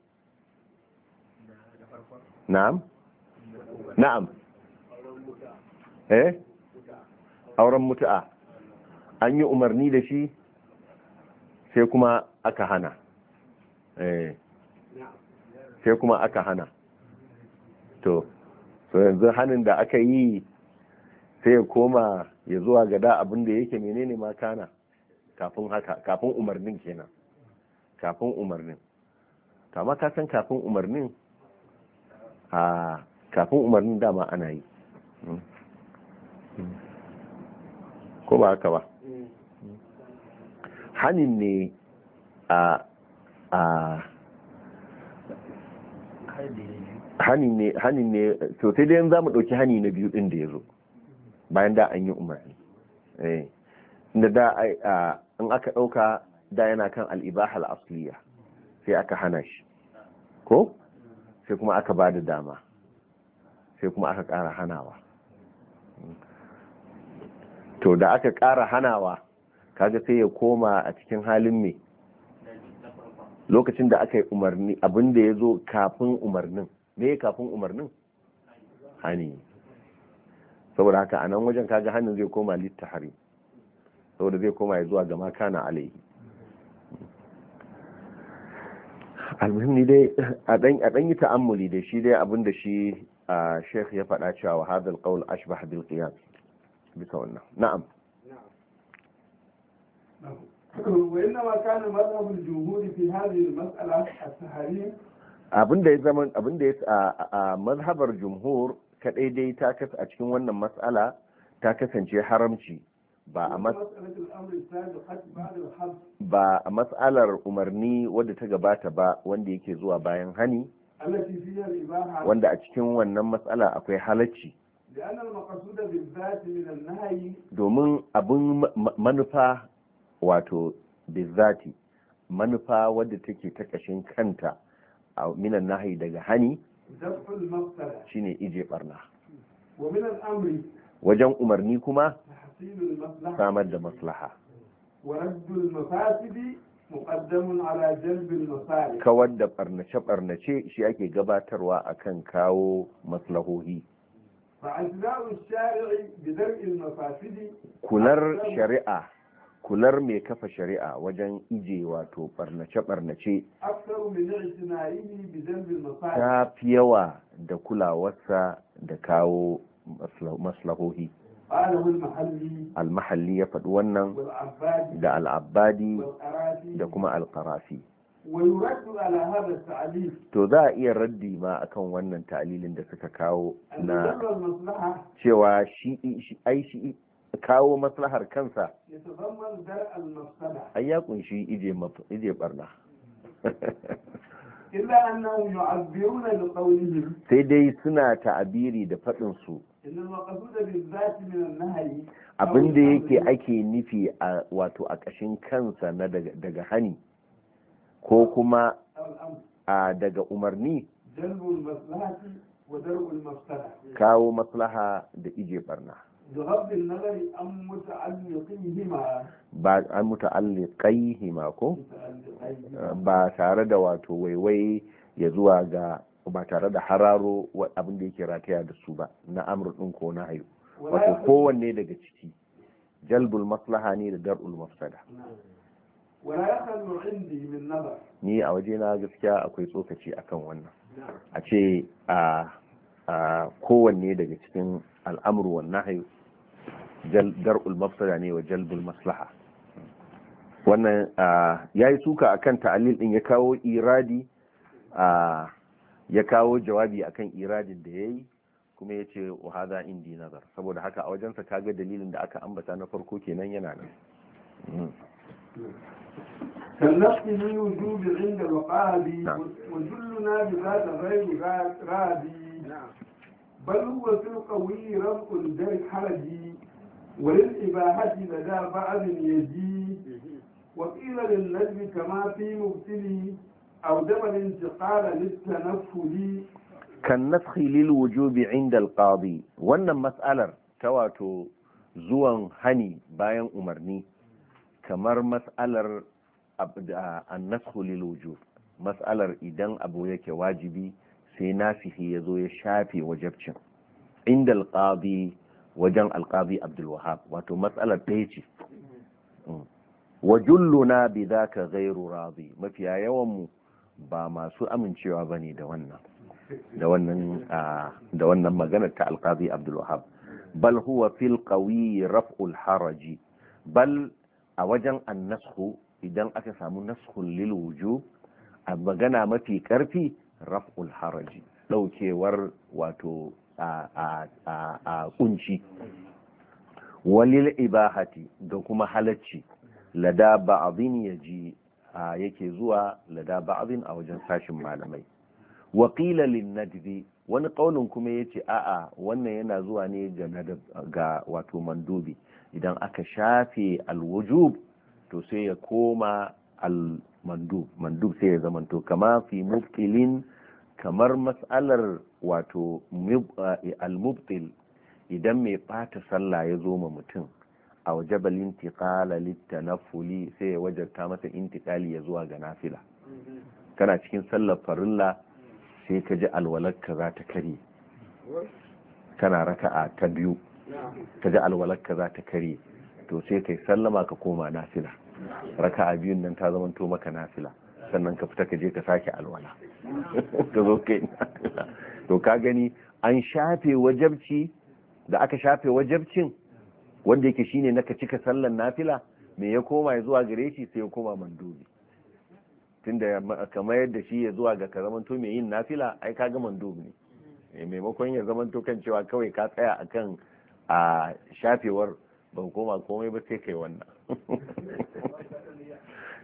na'am na'am eh auren mutu'a an yi umarni da shi sai kuma aka hana eh. sai kuma aka hana to so yanzu hannun da aka yi sai ya koma ya zuwa ga da abin da yake menene ma kana kafin haka kafin umarnin kenan kafin umarnin kama ka san kafin umarnin a kafin umarnin dama ana yi hmm. Hmm. ko ba haka ba hanin ne a a hanin ne hanin ne to sai dai za mu ɗauki hannun na biyu ɗin da ya zo bayan da an yi umarni eh, da da in aka ɗauka da yana kan al'ibaha al'asliya sai aka hana shi ko sai kuma aka ba da dama sai kuma aka ƙara hanawa to da aka ƙara hanawa kaga sai ya koma a cikin halin me lokacin da aka yi umarni abin da ya zo kafin umarnin me kafin umarnin hani saboda haka a nan wajen kaga hannun zai koma hari saboda zai koma ya zuwa gama kana alaihi muhimmi dai a dan yi ta'ammuli da shi dai abin da shi a sheikh ya faɗa cewa hadal qaul ashbah bil qiyas bisa wannan na'am وإنما كان مذهب الجمهور في هذه المسألة abin da ya zama abin da ya a mazhabar jumhur kadai dai ta kasa a cikin wannan matsala ta kasance haramci ba a ba a matsalar umarni wadda ta gabata ba wanda yake zuwa bayan hani wanda a cikin wannan matsala akwai halacci domin abin manufa wato bizati manufa wadda take ta kashin kanta a minan nahi daga hani shine ije barna wajen umarni kuma samar da maslaha kawar da barnace-barnace shi ake gabatarwa a kan kawo maslahohi kular shari'a kular mai kafa shari'a wajen ije wato barnace-barnace ta fi yawa da kulawarsa da kawo maslahohi almahalli ya faɗi wannan da al'abbadi da kuma alƙarafi to za a iya raddi ma akan wannan ta'alilin da suka kawo na cewa shi shi kawo maslahar kansa ai ya kunshi ije barna sai dai suna ta'abiri da faɗinsu abin da yake ake nufi a wato a ƙashin kansa na daga hani ko kuma a daga umarni kawo maslaha da ije barna ba an hima ko ba tare da wato waiwai ya zuwa ga ba tare da hararo abin da yake rataya da su ba na amru din ko na hayo wato kowanne daga ciki jalbul maslaha ne da dar'ul mafsada ni a waje na gaskiya akwai tsokaci a kan wannan a ce a kowanne daga cikin al'amuruwan na hayo dar'ul mafsada ne wa jalbul maslaha wannan ya yi suka akan ta'alil din ya kawo iradi ya kawo jawabi akan iradin da ya yi kuma yace ce wa haza indi nazar saboda haka a wajensa kaga dalilin da aka ambata na farko kenan yana nan كالنقص من وجوب عند الوقابي وجلنا بذات غير بل هو في القوي وللإباحة لدى بعض يزيد وقيل للنجم كما في مبتلي أو دم الانتقال للتنفل كالنسخ للوجوب عند القاضي وأن مسألة تواتو زوان هني باين أمرني kamar مسألة النسخ للوجوب wujub matsalar idan abu yake wajibi sai nasihi ya zo ya shafe wajabcin inda alqadi wajen alqabi Abdulwahab wato matsalar ta ce mm. wa julluna bi ka zairu razi mafiya yawan ba masu amincewa ba ne da wannan da wannan maganar ta alqabi Abdulwahab. bal huwa fil qawi raf'ul haraji bal a wajen annashu idan aka samu nashun lil wujub a magana mafi karfi raf'ul haraji daukewar wato a kunci walil ibahati da kuma halacci lada abin ya ji yake zuwa lada abin a wajen sashin malamai wakila lin nadbi wani kaunin kuma ya ce a'a wannan yana zuwa ne ga wato mandubi idan aka shafe alwujub to sai ya koma al mandub mandub sai ya zamanto kama fi mukilin. kamar matsalar wato al-mubtil idan mai ɓata sallah ya zo ma mutum a waje wajabal intiqala litanafuli sai ya ta masa intiqali ya zuwa ga nafila mm-hmm. kana cikin sallar farilla sai ka ji alwalarka za ta kare kana raka'a ta biyu ka ji alwalarka za ta kare to sai kai sallama ka koma nafila raka'a biyun nan ta zamanto maka nafila sannan ka fita ka je ka sake alwala ka zo kai to ka gani an shafe wajabci da aka shafe wajabcin wanda yake shine naka cika sallan nafila me ya koma ya zuwa gare shi sai ya koma mandubi tunda kamar yadda shi ya zuwa ga ka zamanto mai yin nafila ai ka ga mandubi ne eh, maimakon ya zamanto kan cewa kawai ka tsaya akan a shafewar ban koma komai ba sai kai wannan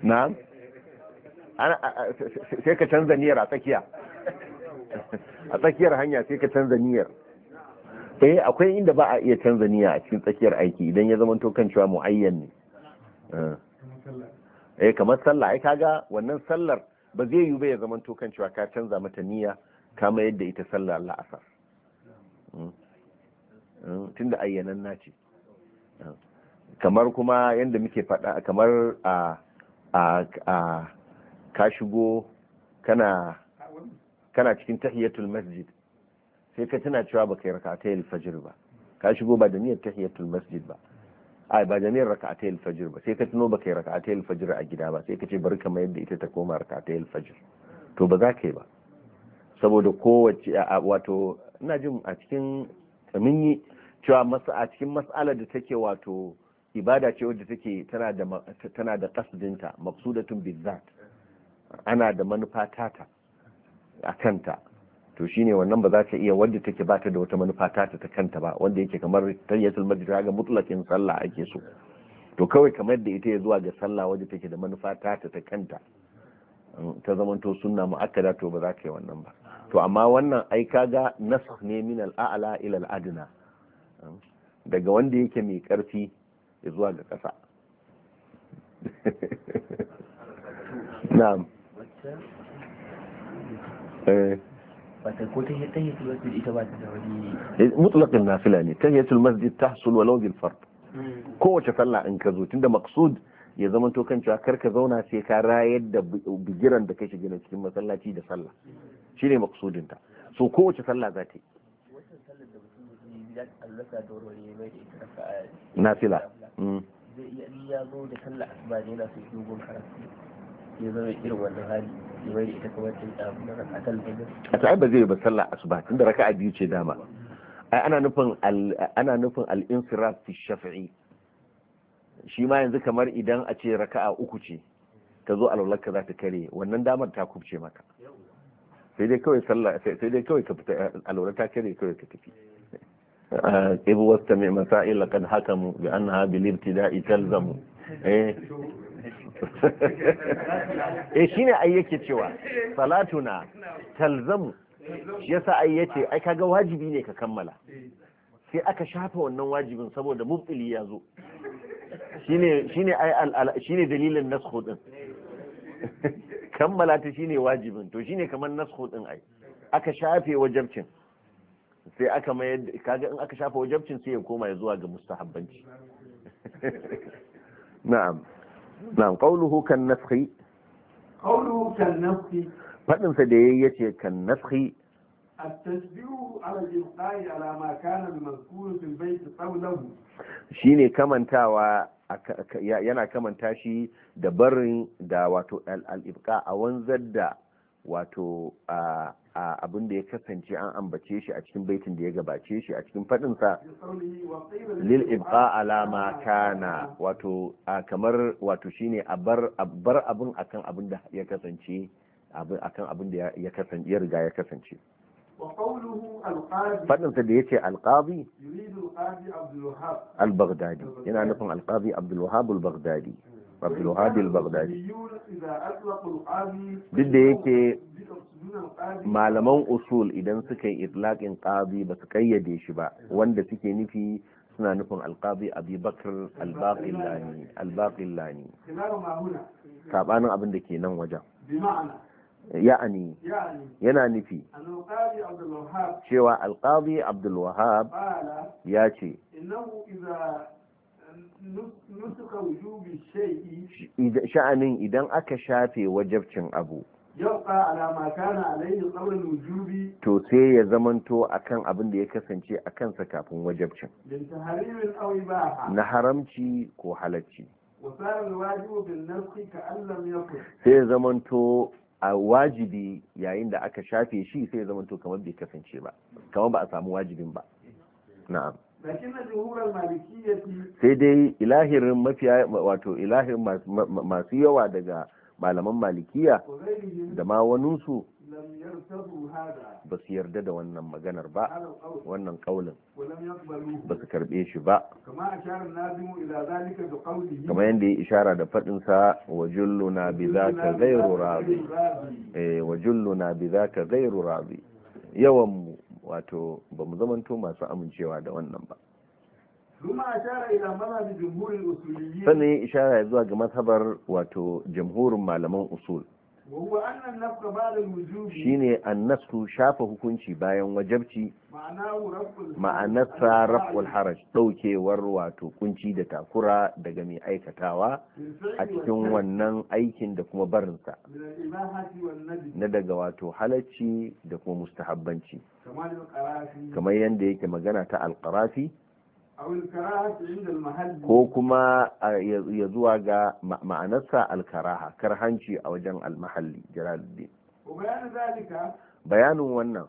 na sai ka canza niyyar a tsakiya a tsakiyar hanya sai ka canza niyyar eh akwai inda ba a iya canza niyya a cikin tsakiyar aiki idan ya zama to kan cewa muayyan ne eh, eh kamar sallah ai kaga wannan sallar ba zai yi ba ya zama to kan cewa ka canza mata niyya kama yadda ita sallar Allah asar hmm. hmm, tunda ayyanan na hmm. kamar kuma yanda muke faɗa kamar a a ka shigo kana kana cikin tahiyatul masjid sai ka tana cewa baka yi raka'atay al-fajr ba ka shigo ba da niyyar tahiyatul masjid ba ai ba da niyyar raka'atay al-fajr ba sai ka tuno baka yi raka'atay al-fajr a gida ba sai ka ce bari kamar yadda ita ta koma raka'atay al-fajr to ba za ka yi ba saboda kowace wato ina jin a cikin mun yi cewa masa a cikin mas'alar da take wato ibada ce wadda take tana da tana da qasdinta maqsudatun bizat ana da manufa tata a kanta to shine wannan ba za ta iya wadda take ba ta da wata manufa tata ta kanta ba wanda yake kamar tayyatul masjid ga mutlaqin sallah ake so to kawai kamar da ita ya zuwa ga sallah wadda take da manufa tata ta kanta ta zamanto sunna mu'akkada to ba za ka yi wannan ba to amma wannan ai kaga nasakh ne min al'a'la ila al'adna daga wanda yake mai karfi ya zuwa ga kasa na'am Eh. Eh, mutlaƙin fila ne ta yi masjid ta hasul walau bil fard hmm. kowace sallah in ka zo tunda maksud ya zama to kan cewa karka zauna sai ka rayar da bigiran da kai shiga cikin masallaci da sallah hmm. shine ne ta so kowace sallah za ta yi nafila zai da ya zama irin wannan hali ya ita kamar ta yi raka a ta'ai ba zai ba sallah asuba tunda raka'a biyu ce dama ai ana nufin ana nufin al-insiraf fi shafi'i shi ma yanzu kamar idan a ce raka'a uku ce ka zo alwalarka za ta kare wannan damar ta kubce maka sai dai kawai sallah sai dai kawai ka fita alwala ta kare kawai ka tafi eh, ibu wasta mai masail kan hakamu bi annaha bil ibtida'i talzamu eh eh ne ai yake cewa salatuna talzamu Ya yasa ai yace ai kaga wajibi ne ka kammala sai aka shafa wannan wajibin saboda mubtili ya zo shine shine ai shine dalilin naskhu din kammala ta shine wajibin to shine kamar naskhu din ai aka shafe wajabcin sai aka mayar kaga in aka shafa wajabcin sai ya koma ya zuwa ga mustahabbanci na'am na'am qawluhu kan nafhi qawluhu kan faɗinsa da ya yi ya ce kan nafi a nafhi ala على الإبقاء على ما كان المذكور في البيت قبله shi ne kamantawa yana kamanta shi da barin da wato al'ibka a wanzar da wato abin da ya kasance an ambace shi a cikin baitin da ya gabace shi a cikin faɗinsa lil ibqa alama kana wato kamar wato shine a bar abin akan abin da ya kasance akan abin da ya kasance ya riga ya kasance faɗinsa da ya ce alƙabi al-baghdadi yana nufin alƙabi abdulwahab al-baghdadi abdulwahab al-baghdadi duk da yake malaman usul idan suka yi itlaqin qadi ba su kayyade shi ba wanda suke nufi suna nufin alqadi abi bakr albaqillani albaqillani sabanin abin da ke nan wajen ya'ani yana nufi cewa alqadi abdul wahhab ya ce sha'anin idan aka shafe wajabcin abu wujubi. to sai ya zamanto akan abin da ya kasance a kansa kafin wajabcin na haramci ko halacci sai ya zamanto a wajibi yayin da aka shafe shi sai ya zamanto kamar bai kasance ba kamar ba a samu wajibin ba na'am sai dai ilahirin mafiya wato ilahirin masu yawa daga malaman malikiya da ma waninsu ba su yarda da wannan maganar ba wannan kaulin ba su karbe shi ba kama yadda ya ishara da faɗinsa wa julluna bi za ka gairu rabi eh, wa julluna bi za ka razi. Yawan mu wato ba mu zamanto masu amincewa da wannan ba sannan yin ishara zuwa ga mazhabar wato jamhurin malaman usul shi ne annasu shafa hukunci bayan wajabci ma'anarsa raf'ul haraj ɗaukewar wato kunci da takura daga mai aikatawa a cikin wannan aikin da kuma barinsa na daga wato halacci da kuma mustahabbanci kamar yadda yake magana ta alkarafi ko kuma ya zuwa ga ma'anarsa alkaraha karhanci a wajen almahalli jalaluddin bayanin wannan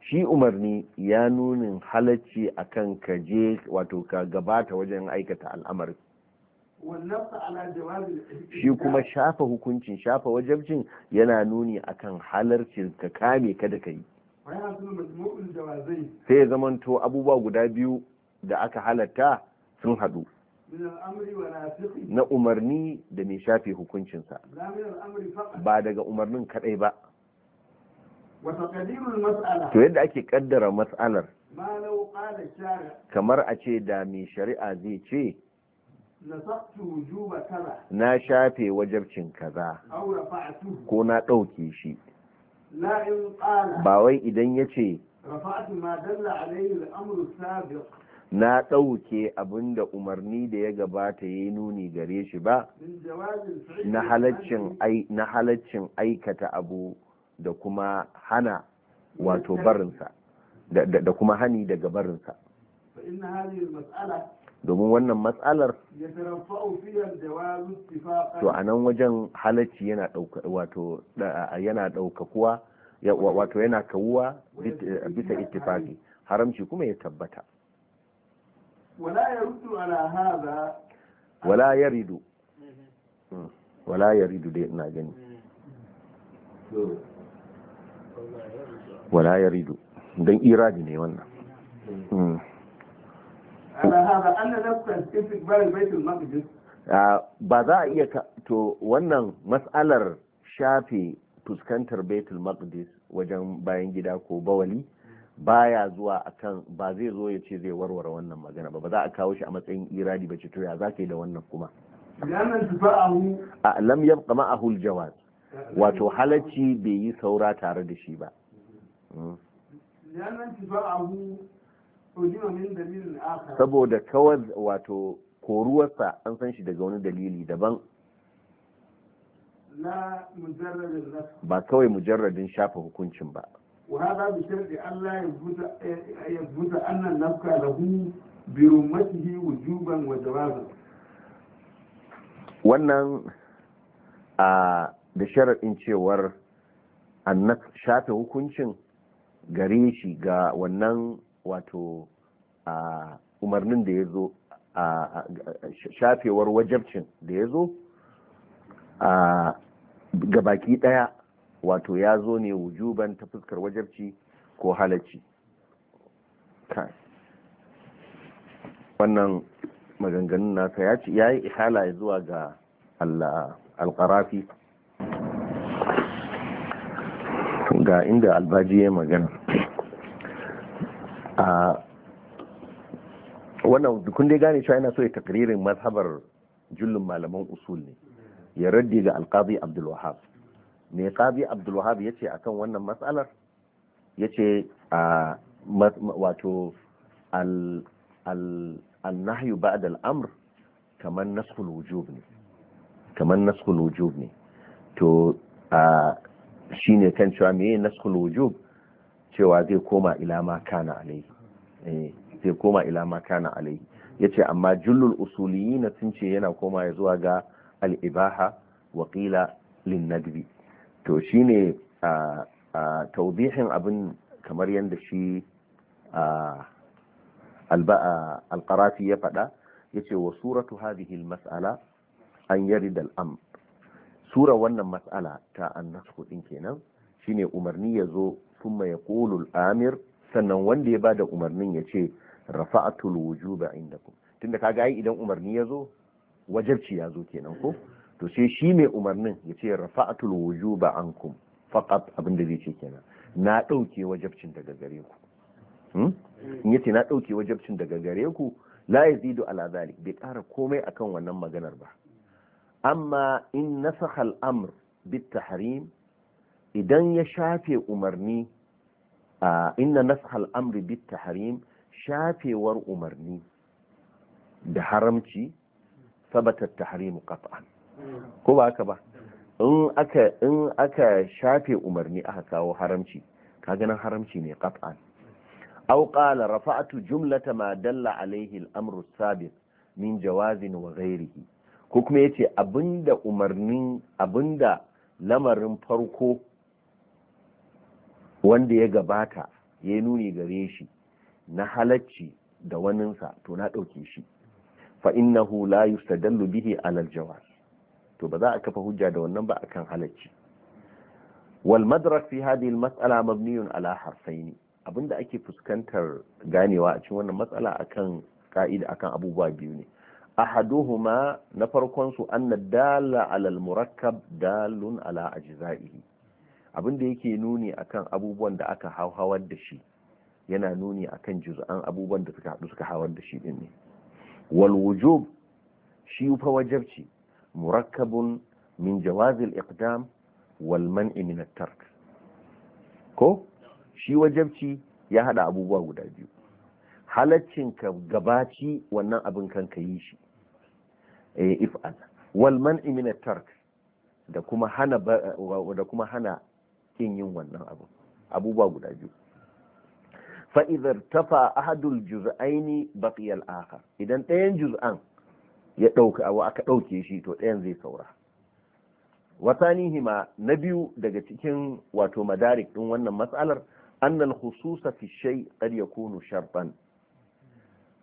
shi umarni ya nunin halacci akan kaje wato ka gabata wajen aikata al'amari shi kuma shafa hukuncin shafa wajabcin yana nuni akan halarci ka kame kada ka yi sai ya zamanto abubuwa guda biyu da aka halatta sun haɗu. na umarni da mai shafe hukuncinsa ba daga umarnin kadai ba to yadda ake kaddara matsalar kamar a ce da mai shari'a zai ce na shafe wajabcin kaza ko na ɗauke shi ba wai idan ya ce na ɗauke abin da umarni da ya gabata ya yi nuni gare shi ba na halaccin aikata abu da kuma hana wato barinsa da kuma hani daga barinsa domin wannan matsalar to a nan wajen halacci yana ɗauka wato yana ɗaukakuwa kuwa wato yana kawuwa bisa ittifaki haramci kuma ya tabbata wala ya ridu wala ya ridu hmm. dai ina gani wala ya ridu don iradi ne wannan hmm. ba za a iya to wannan mas'alar shafe fuskantar baitul maqdis wajen bayan gida ko bawali baya zuwa akan ba zai zo ya ce zai warware wannan magana ba ba za a kawo shi a matsayin iradi ba ce to ya zaka yi da wannan kuma a lam yabqa ma'ahu jawaz wato halacci bai yi saura tare da shi ba hmm. saboda kawar wato koruwarsa an san shi daga wani dalili daban ba kawai mujarradin shafa hukuncin ba وهذا بشرط يثبت له برمته وجوبا وجوازا wannan a da sharaɗin cewar annas shafe hukuncin gare shi ga wannan wato umarnin da ya zo shafewar wajabcin da ya zo ga baki ɗaya wato ya zo ne wujuban ta fuskar wajabci ko halacci wannan maganganun nasa ya ce ya yi ihala zuwa ga alkarafi ga inda albaji ya magana a wannan kun dai gane cewa yana so ya takririn mazhabar jullun malaman usul ne ya raddi ga alqazi abdul wahab ne qadi abdul wahab yace akan wannan matsalar yace a wato al nahyu ba'da al amr kaman naskhul wujub ne kaman naskhul wujub ne to a shine kan cewa yi naskhul wujub cewa zai koma ila ma kana alai eh, zai koma ila ma kana alai yace amma jullul usuliyina sun ce yana koma ya zuwa ga al-ibaha wa qila lin nadbi to shine a tawdihin abin kamar yadda shi al-qarafi ya faɗa yace wa suratu hadhihi al-mas'ala an yari al sura wannan mas'ala ta annasu din kenan shine umarni ya zo thumma yaqulu al-amir sannan wanda ya bada umarnin ya ce rafa'atul wujuba indakum tunda ka ai idan umarni ya zo wajibci ya zo kenan ko to sai shi mai umarnin ya ce rafa'atul wujuba ankum faqat abin da zai ce kenan na dauke wajabcin daga gare ku hmm? in yace na dauke wajibcin daga gare ku la yazidu ala zalik bai kara komai akan wannan maganar ba amma in nasakha al-amr bit tahrim idan ya shafe umarni a inna nashal amri bit tahrim shafewar umarni da haramci sabata tahrim qat'an ko ba haka ba in aka in aka shafe umarni aka kawo haramci kaga nan haramci ne qat'an aw qala rafa'tu jumlata ma dalla alayhi al-amru sabit min jawazin wa ghairihi ko kuma yace abinda umarnin abinda lamarin farko wanda ya gabata ya nuni gare shi na halacci da waninsa to na ɗauke shi fa innahu la yustadallu bihi alal jawaz to ba za a kafa hujja da wannan ba akan halacci wal madrak fi hadhihi al mas'ala mabniyun ala harfain abinda ake fuskantar ganewa a cikin wannan matsala akan ka'ida akan abubuwa biyu ne ahaduhuma na farkon su anna dalla ala al murakkab dalun ala ajza'ihi abin da yake nuni akan abubuwan da aka hauhawar da shi yana nuni akan juz'an abubuwan da suka haɗu suka hawar da shi din ne wal wujub shi fa wajabci murakkabun min jawazil iqdam wal man'i min at-tark ko shi wajabci ya hada abubuwa guda biyu halaccin ka gabaci wannan abin kan yi shi eh if'al wal man'i min at-tark da kuma hana da kuma hana kin yin wannan abu abubuwa guda biyu fa'izar tafa ahadul juz'aini baqiyal akhar idan ɗayan juz'an ya ɗauka awa aka ɗauke shi to ɗayan zai saura hima na biyu daga cikin wato madarik ɗin wannan matsalar annal khususa fi shay qad yakunu shartan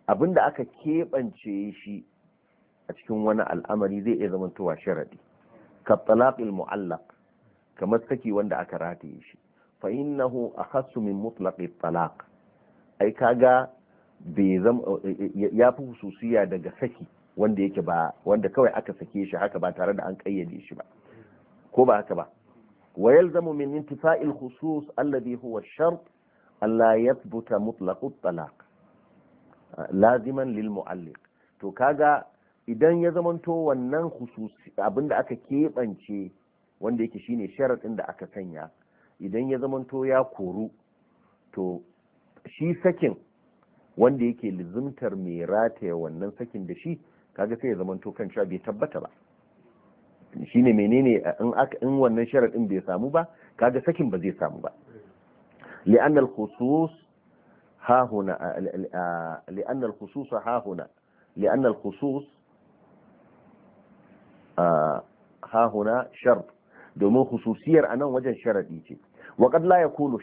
abinda aka keɓance shi a cikin wani al'amari zai iya zamantowa sharadi ka talaqil mu'allaq kamar saki wanda aka rataye shi fa innahu akhassu min mutlaqi talaq ai kaga bai zam ya fi hususiya daga saki wanda yake ba wanda kawai aka sake shi haka ba tare da an kayyade shi ba ko ba haka ba wa yalzamu min intifa'i al-khusus alladhi huwa ash-shart an la yathbuta mutlaq at-talaq laziman lil mu'alliq to kaga idan ya zamanto wannan khusus abinda aka keɓance wanda yake shine sharaɗin da aka sanya idan ya zamanto ya koru to shi sakin wanda yake lizimtar mai rataya wannan sakin da shi kaga sai ya zamanto kan cewa bai tabbata ba shine menene in in wannan sharaɗin bai samu ba kaga sakin ba zai samu ba li'an al-khusus ha huna li'an al-khusus ha huna li'an al-khusus ha huna shart domin hususiyar a nan wajen sharaɗi ce waƙad la ya kulu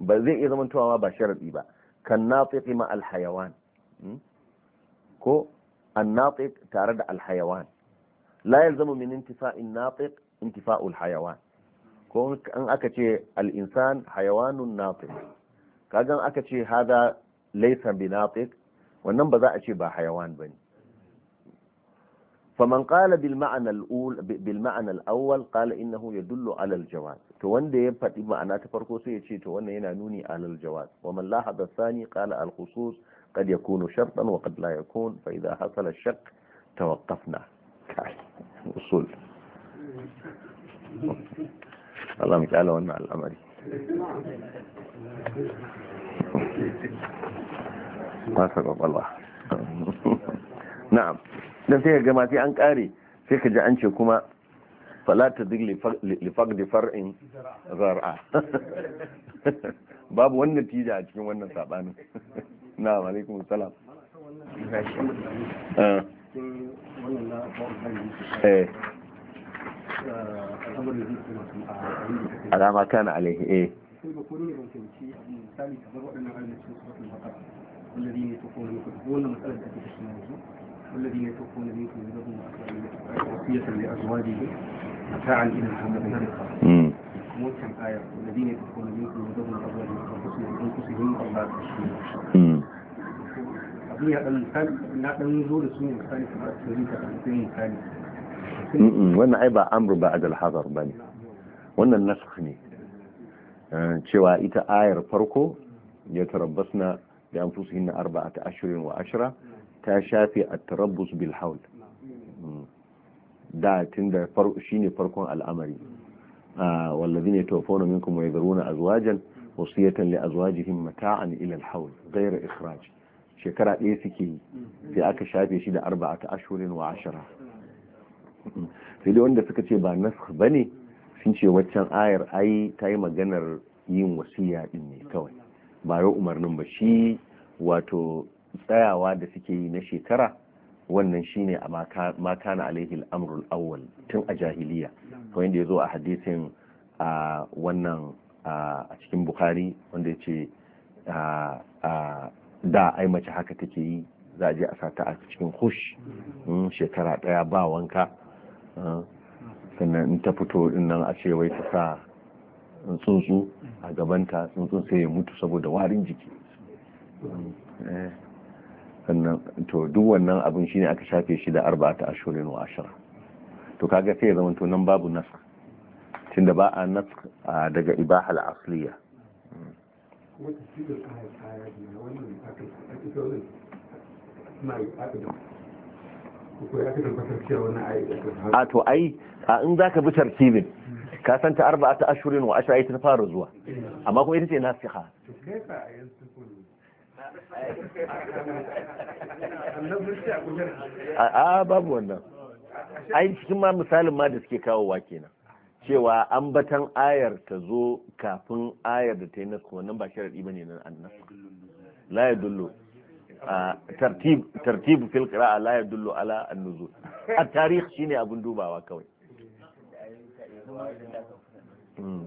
ba zai iya zaman tuwawa ba sharaɗi ba kan natiqi ma Alhayawan. Hmm? ko an natiq tare da Alhayawan. hayawan zama yalzamu min in natiq intifa hayawan ko an aka ce al insan hayawanun natiq kagan aka ce hada laysa bi wannan ba za a ce ba hayawan ba ne. فمن قال بالمعنى الاول بالمعنى الاول قال انه يدل على الجواز تو وند يفدي معنى تفرقو سو يجي تو وانا ينا نوني على الجواز ومن لاحظ الثاني قال الخصوص قد يكون شرطا وقد لا يكون فاذا حصل الشك توقفنا اصول الله تعالى وانا الامر ما شاء الله نعم dan sai ga ma sai an kare sai ka ji an ce kuma fala duk li far'in zar'a babu wani natija a cikin wannan saɓanin na alaikum salam ah. eh. Eh. alama kana alaihi eh wannan والذي يتوق والذي يؤمن له وصية لأزواجه متاعا إلى الحمد وكم آية والذين يتوبون ويؤمنون لهم أزواجهم أنفسهم أربعة أشهر أبويا المثال لا نزول اسمه مثال كما أتريد أن مثالي wannan ai ba amru ba adal hazar ba ne wannan nasakh ne cewa ita ayar farko ya tarabbasna da an fusu hinna arba'ata ashirin wa ashira ta shafe a tarabbus bil haul da tun da shi ne farkon al'amari wallazi ne tofonu mai wa yazaruna azwajan wasiyatan li azwajihim mata ila ilal haul ghayra ikhraj shekara ɗaya suke yi sai aka shafe shi da ta ashirin wa ashara sai dai wanda suka ce ba ba bane sun ce waccan ayar ai ta yi maganar yin wasiya din ne kawai ba yau umarnin ba shi wato tsayawa da suke yi na shekara wannan shine a mata na alaihi al'amrul awwal tun a jahiliya kamar yadda ya zo a hadisin a wannan a cikin bukhari wanda ya ce da ai mace haka take yi za a je a sata a cikin hush hmm, shekara daya ba wanka hmm. sannan ta fito nan a ce wai ta sa tsuntsu a gabanta tsuntsun sai ya mutu saboda warin jiki hmm. eh. sannan to duk wannan abin shine aka shafe shi da ta ashirin wa ashara to kaga sai ya zama to nan babu nasr tunda ba a nasr daga ibahal asliya a to ai a in zaka bi tartibin ka san ta ta ashirin wa ashara ita ta fara zuwa amma kuma ita ce nasiha to kai ka yanzu a babu wannan ai cikin ma misalin ma da suke kawowa kenan cewa ambatan ayar ta zo kafin ayar da ta yi nasu wannan ba sharaɗi ba ne nan annas la dullo tartib fil qira'a a ya dullo ala annuzul a tarihi shine abin dubawa kawai hmm.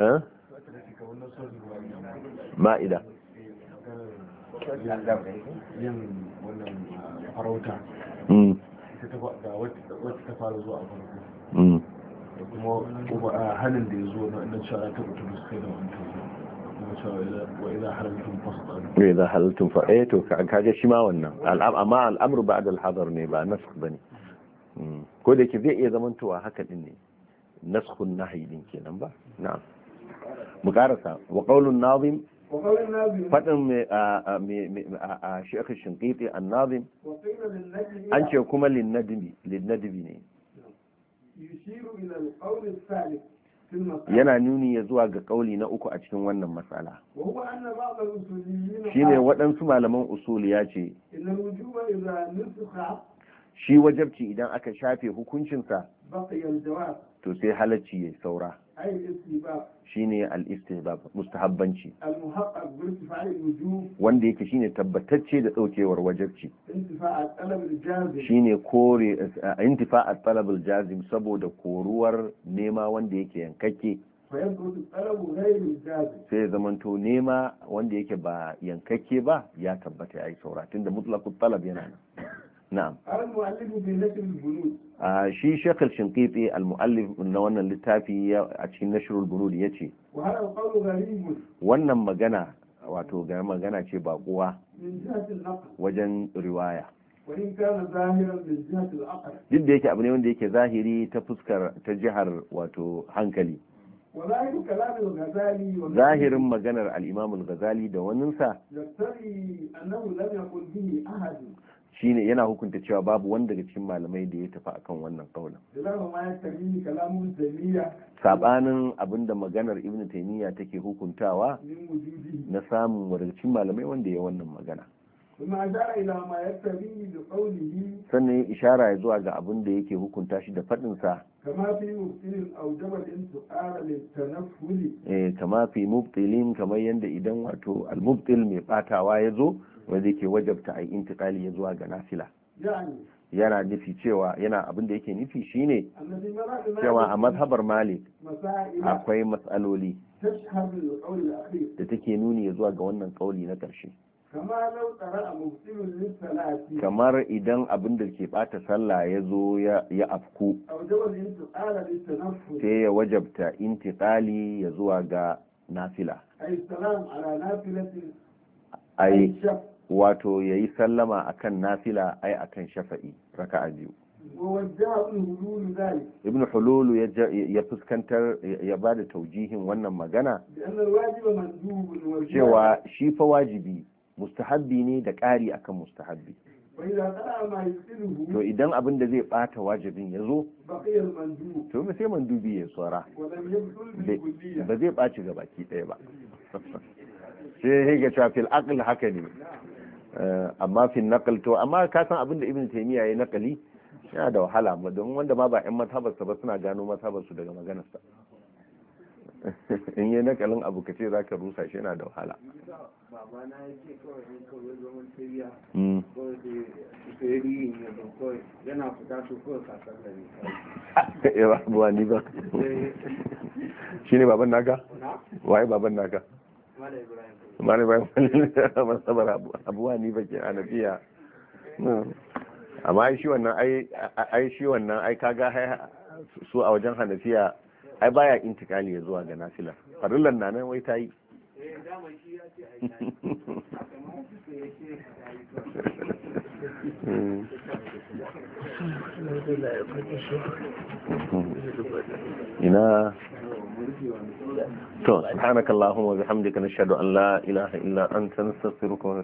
eh? ma'ida yin wannan ah, farauta mm. ita ta ta fara zuwa a farko mm. da kuma ah, hannun da ya zo na cewa ta mutu da suka yi da wani wai za halittun faɗe eh to kaje shi ma wannan amma al'amur ba da al'adar ne ba nasu ba ne mm. ko da ke zai iya zamantowa haka din ne nasu na haidin kenan ba na mu karasa wa ƙaunin nazim faɗin mai shekar shinkiti annazim an ce kuma linnadibi ne yana nuni ya zuwa ga ƙauli na uku a cikin wannan matsala shine waɗansu malaman usul ya ce shi wajabci idan aka shafe hukuncinsa to sai halacci ya saura shine al-istihbab mustahabbanci wanda yake shine tabbatacce da daukewar wajibci shine kore intifa at-talab al-jazim saboda koruwar nema wanda yake yankakke sai zamanto nema wanda yake ba yankake ba ya tabbata ya yi saura tunda mutlaqut talab yana nan na'am shi shekul shinkifi al-mu'allif na wannan littafi a cikin nashrul bunud ya ce wannan magana wato ga magana ce ba kowa wajen riwaya duk da yake abu ne wanda yake zahiri ta fuskar ta jihar wato hankali zahirin maganar al'imamul gazali da waninsa shine yana hukunta cewa babu wanda daga cikin malamai da ya tafi akan wannan kaulin sabanin abinda maganar ibnu taymiya take hukuntawa na samun daga cikin malamai wanda ya wannan magana sannan ya ishara ya zuwa ga abin da yake hukunta shi da faɗinsa eh, kama fi mubtilin kamar yadda idan wato al-mubtil mai batawa ya zo wanda yake wajabta a yi intikali ya zuwa ga nafila yana nufi cewa yana abin da yake nufi shine cewa a mazhabar malik akwai matsaloli da take nuni ya zuwa ga wannan kauli na ƙarshe kamar idan abin da ke bata sallah ya zo ya afku sai ya wajabta intiqali ya zuwa ga nafila ai wato ya yi sallama a kan nafila ai a kan shafa'i raka a biyu ibn hululu ya fuskantar ya ba da taujihin wannan magana cewa shi fa wajibi mustahabbi ne da ƙari akan mustahabbi to idan abin da zai bata wajibin ya zo to sai mandubi ya tsora ba zai ɓaci ga baki ɗaya ba sai ya ga shafil aql haka ne Eh, amma fin nakal to amma ka san abin da ibn taymiya ya nakali yana da wahala don wanda ma ba ƴan mazhabarsa ba suna gano mazhabarsu daga maganarsa in yi nakalin abu ka ce za ka rusa shi yana da wahala yana hmm. eh, fita su kawai ni ba shi ne baban naka? waye baban naka? Mala Ibrahim mara bayan masabar abuwa ni ba ke anabiya amma ai shi wannan ai kaga su a wajen hanafiya ai baya intikali ya zuwa ga nasila farillan na nan wai ta yi hmm. ina to subhanakallahumma wa bihamdika nashhadu an la ilaha illa anta nastaghfiruka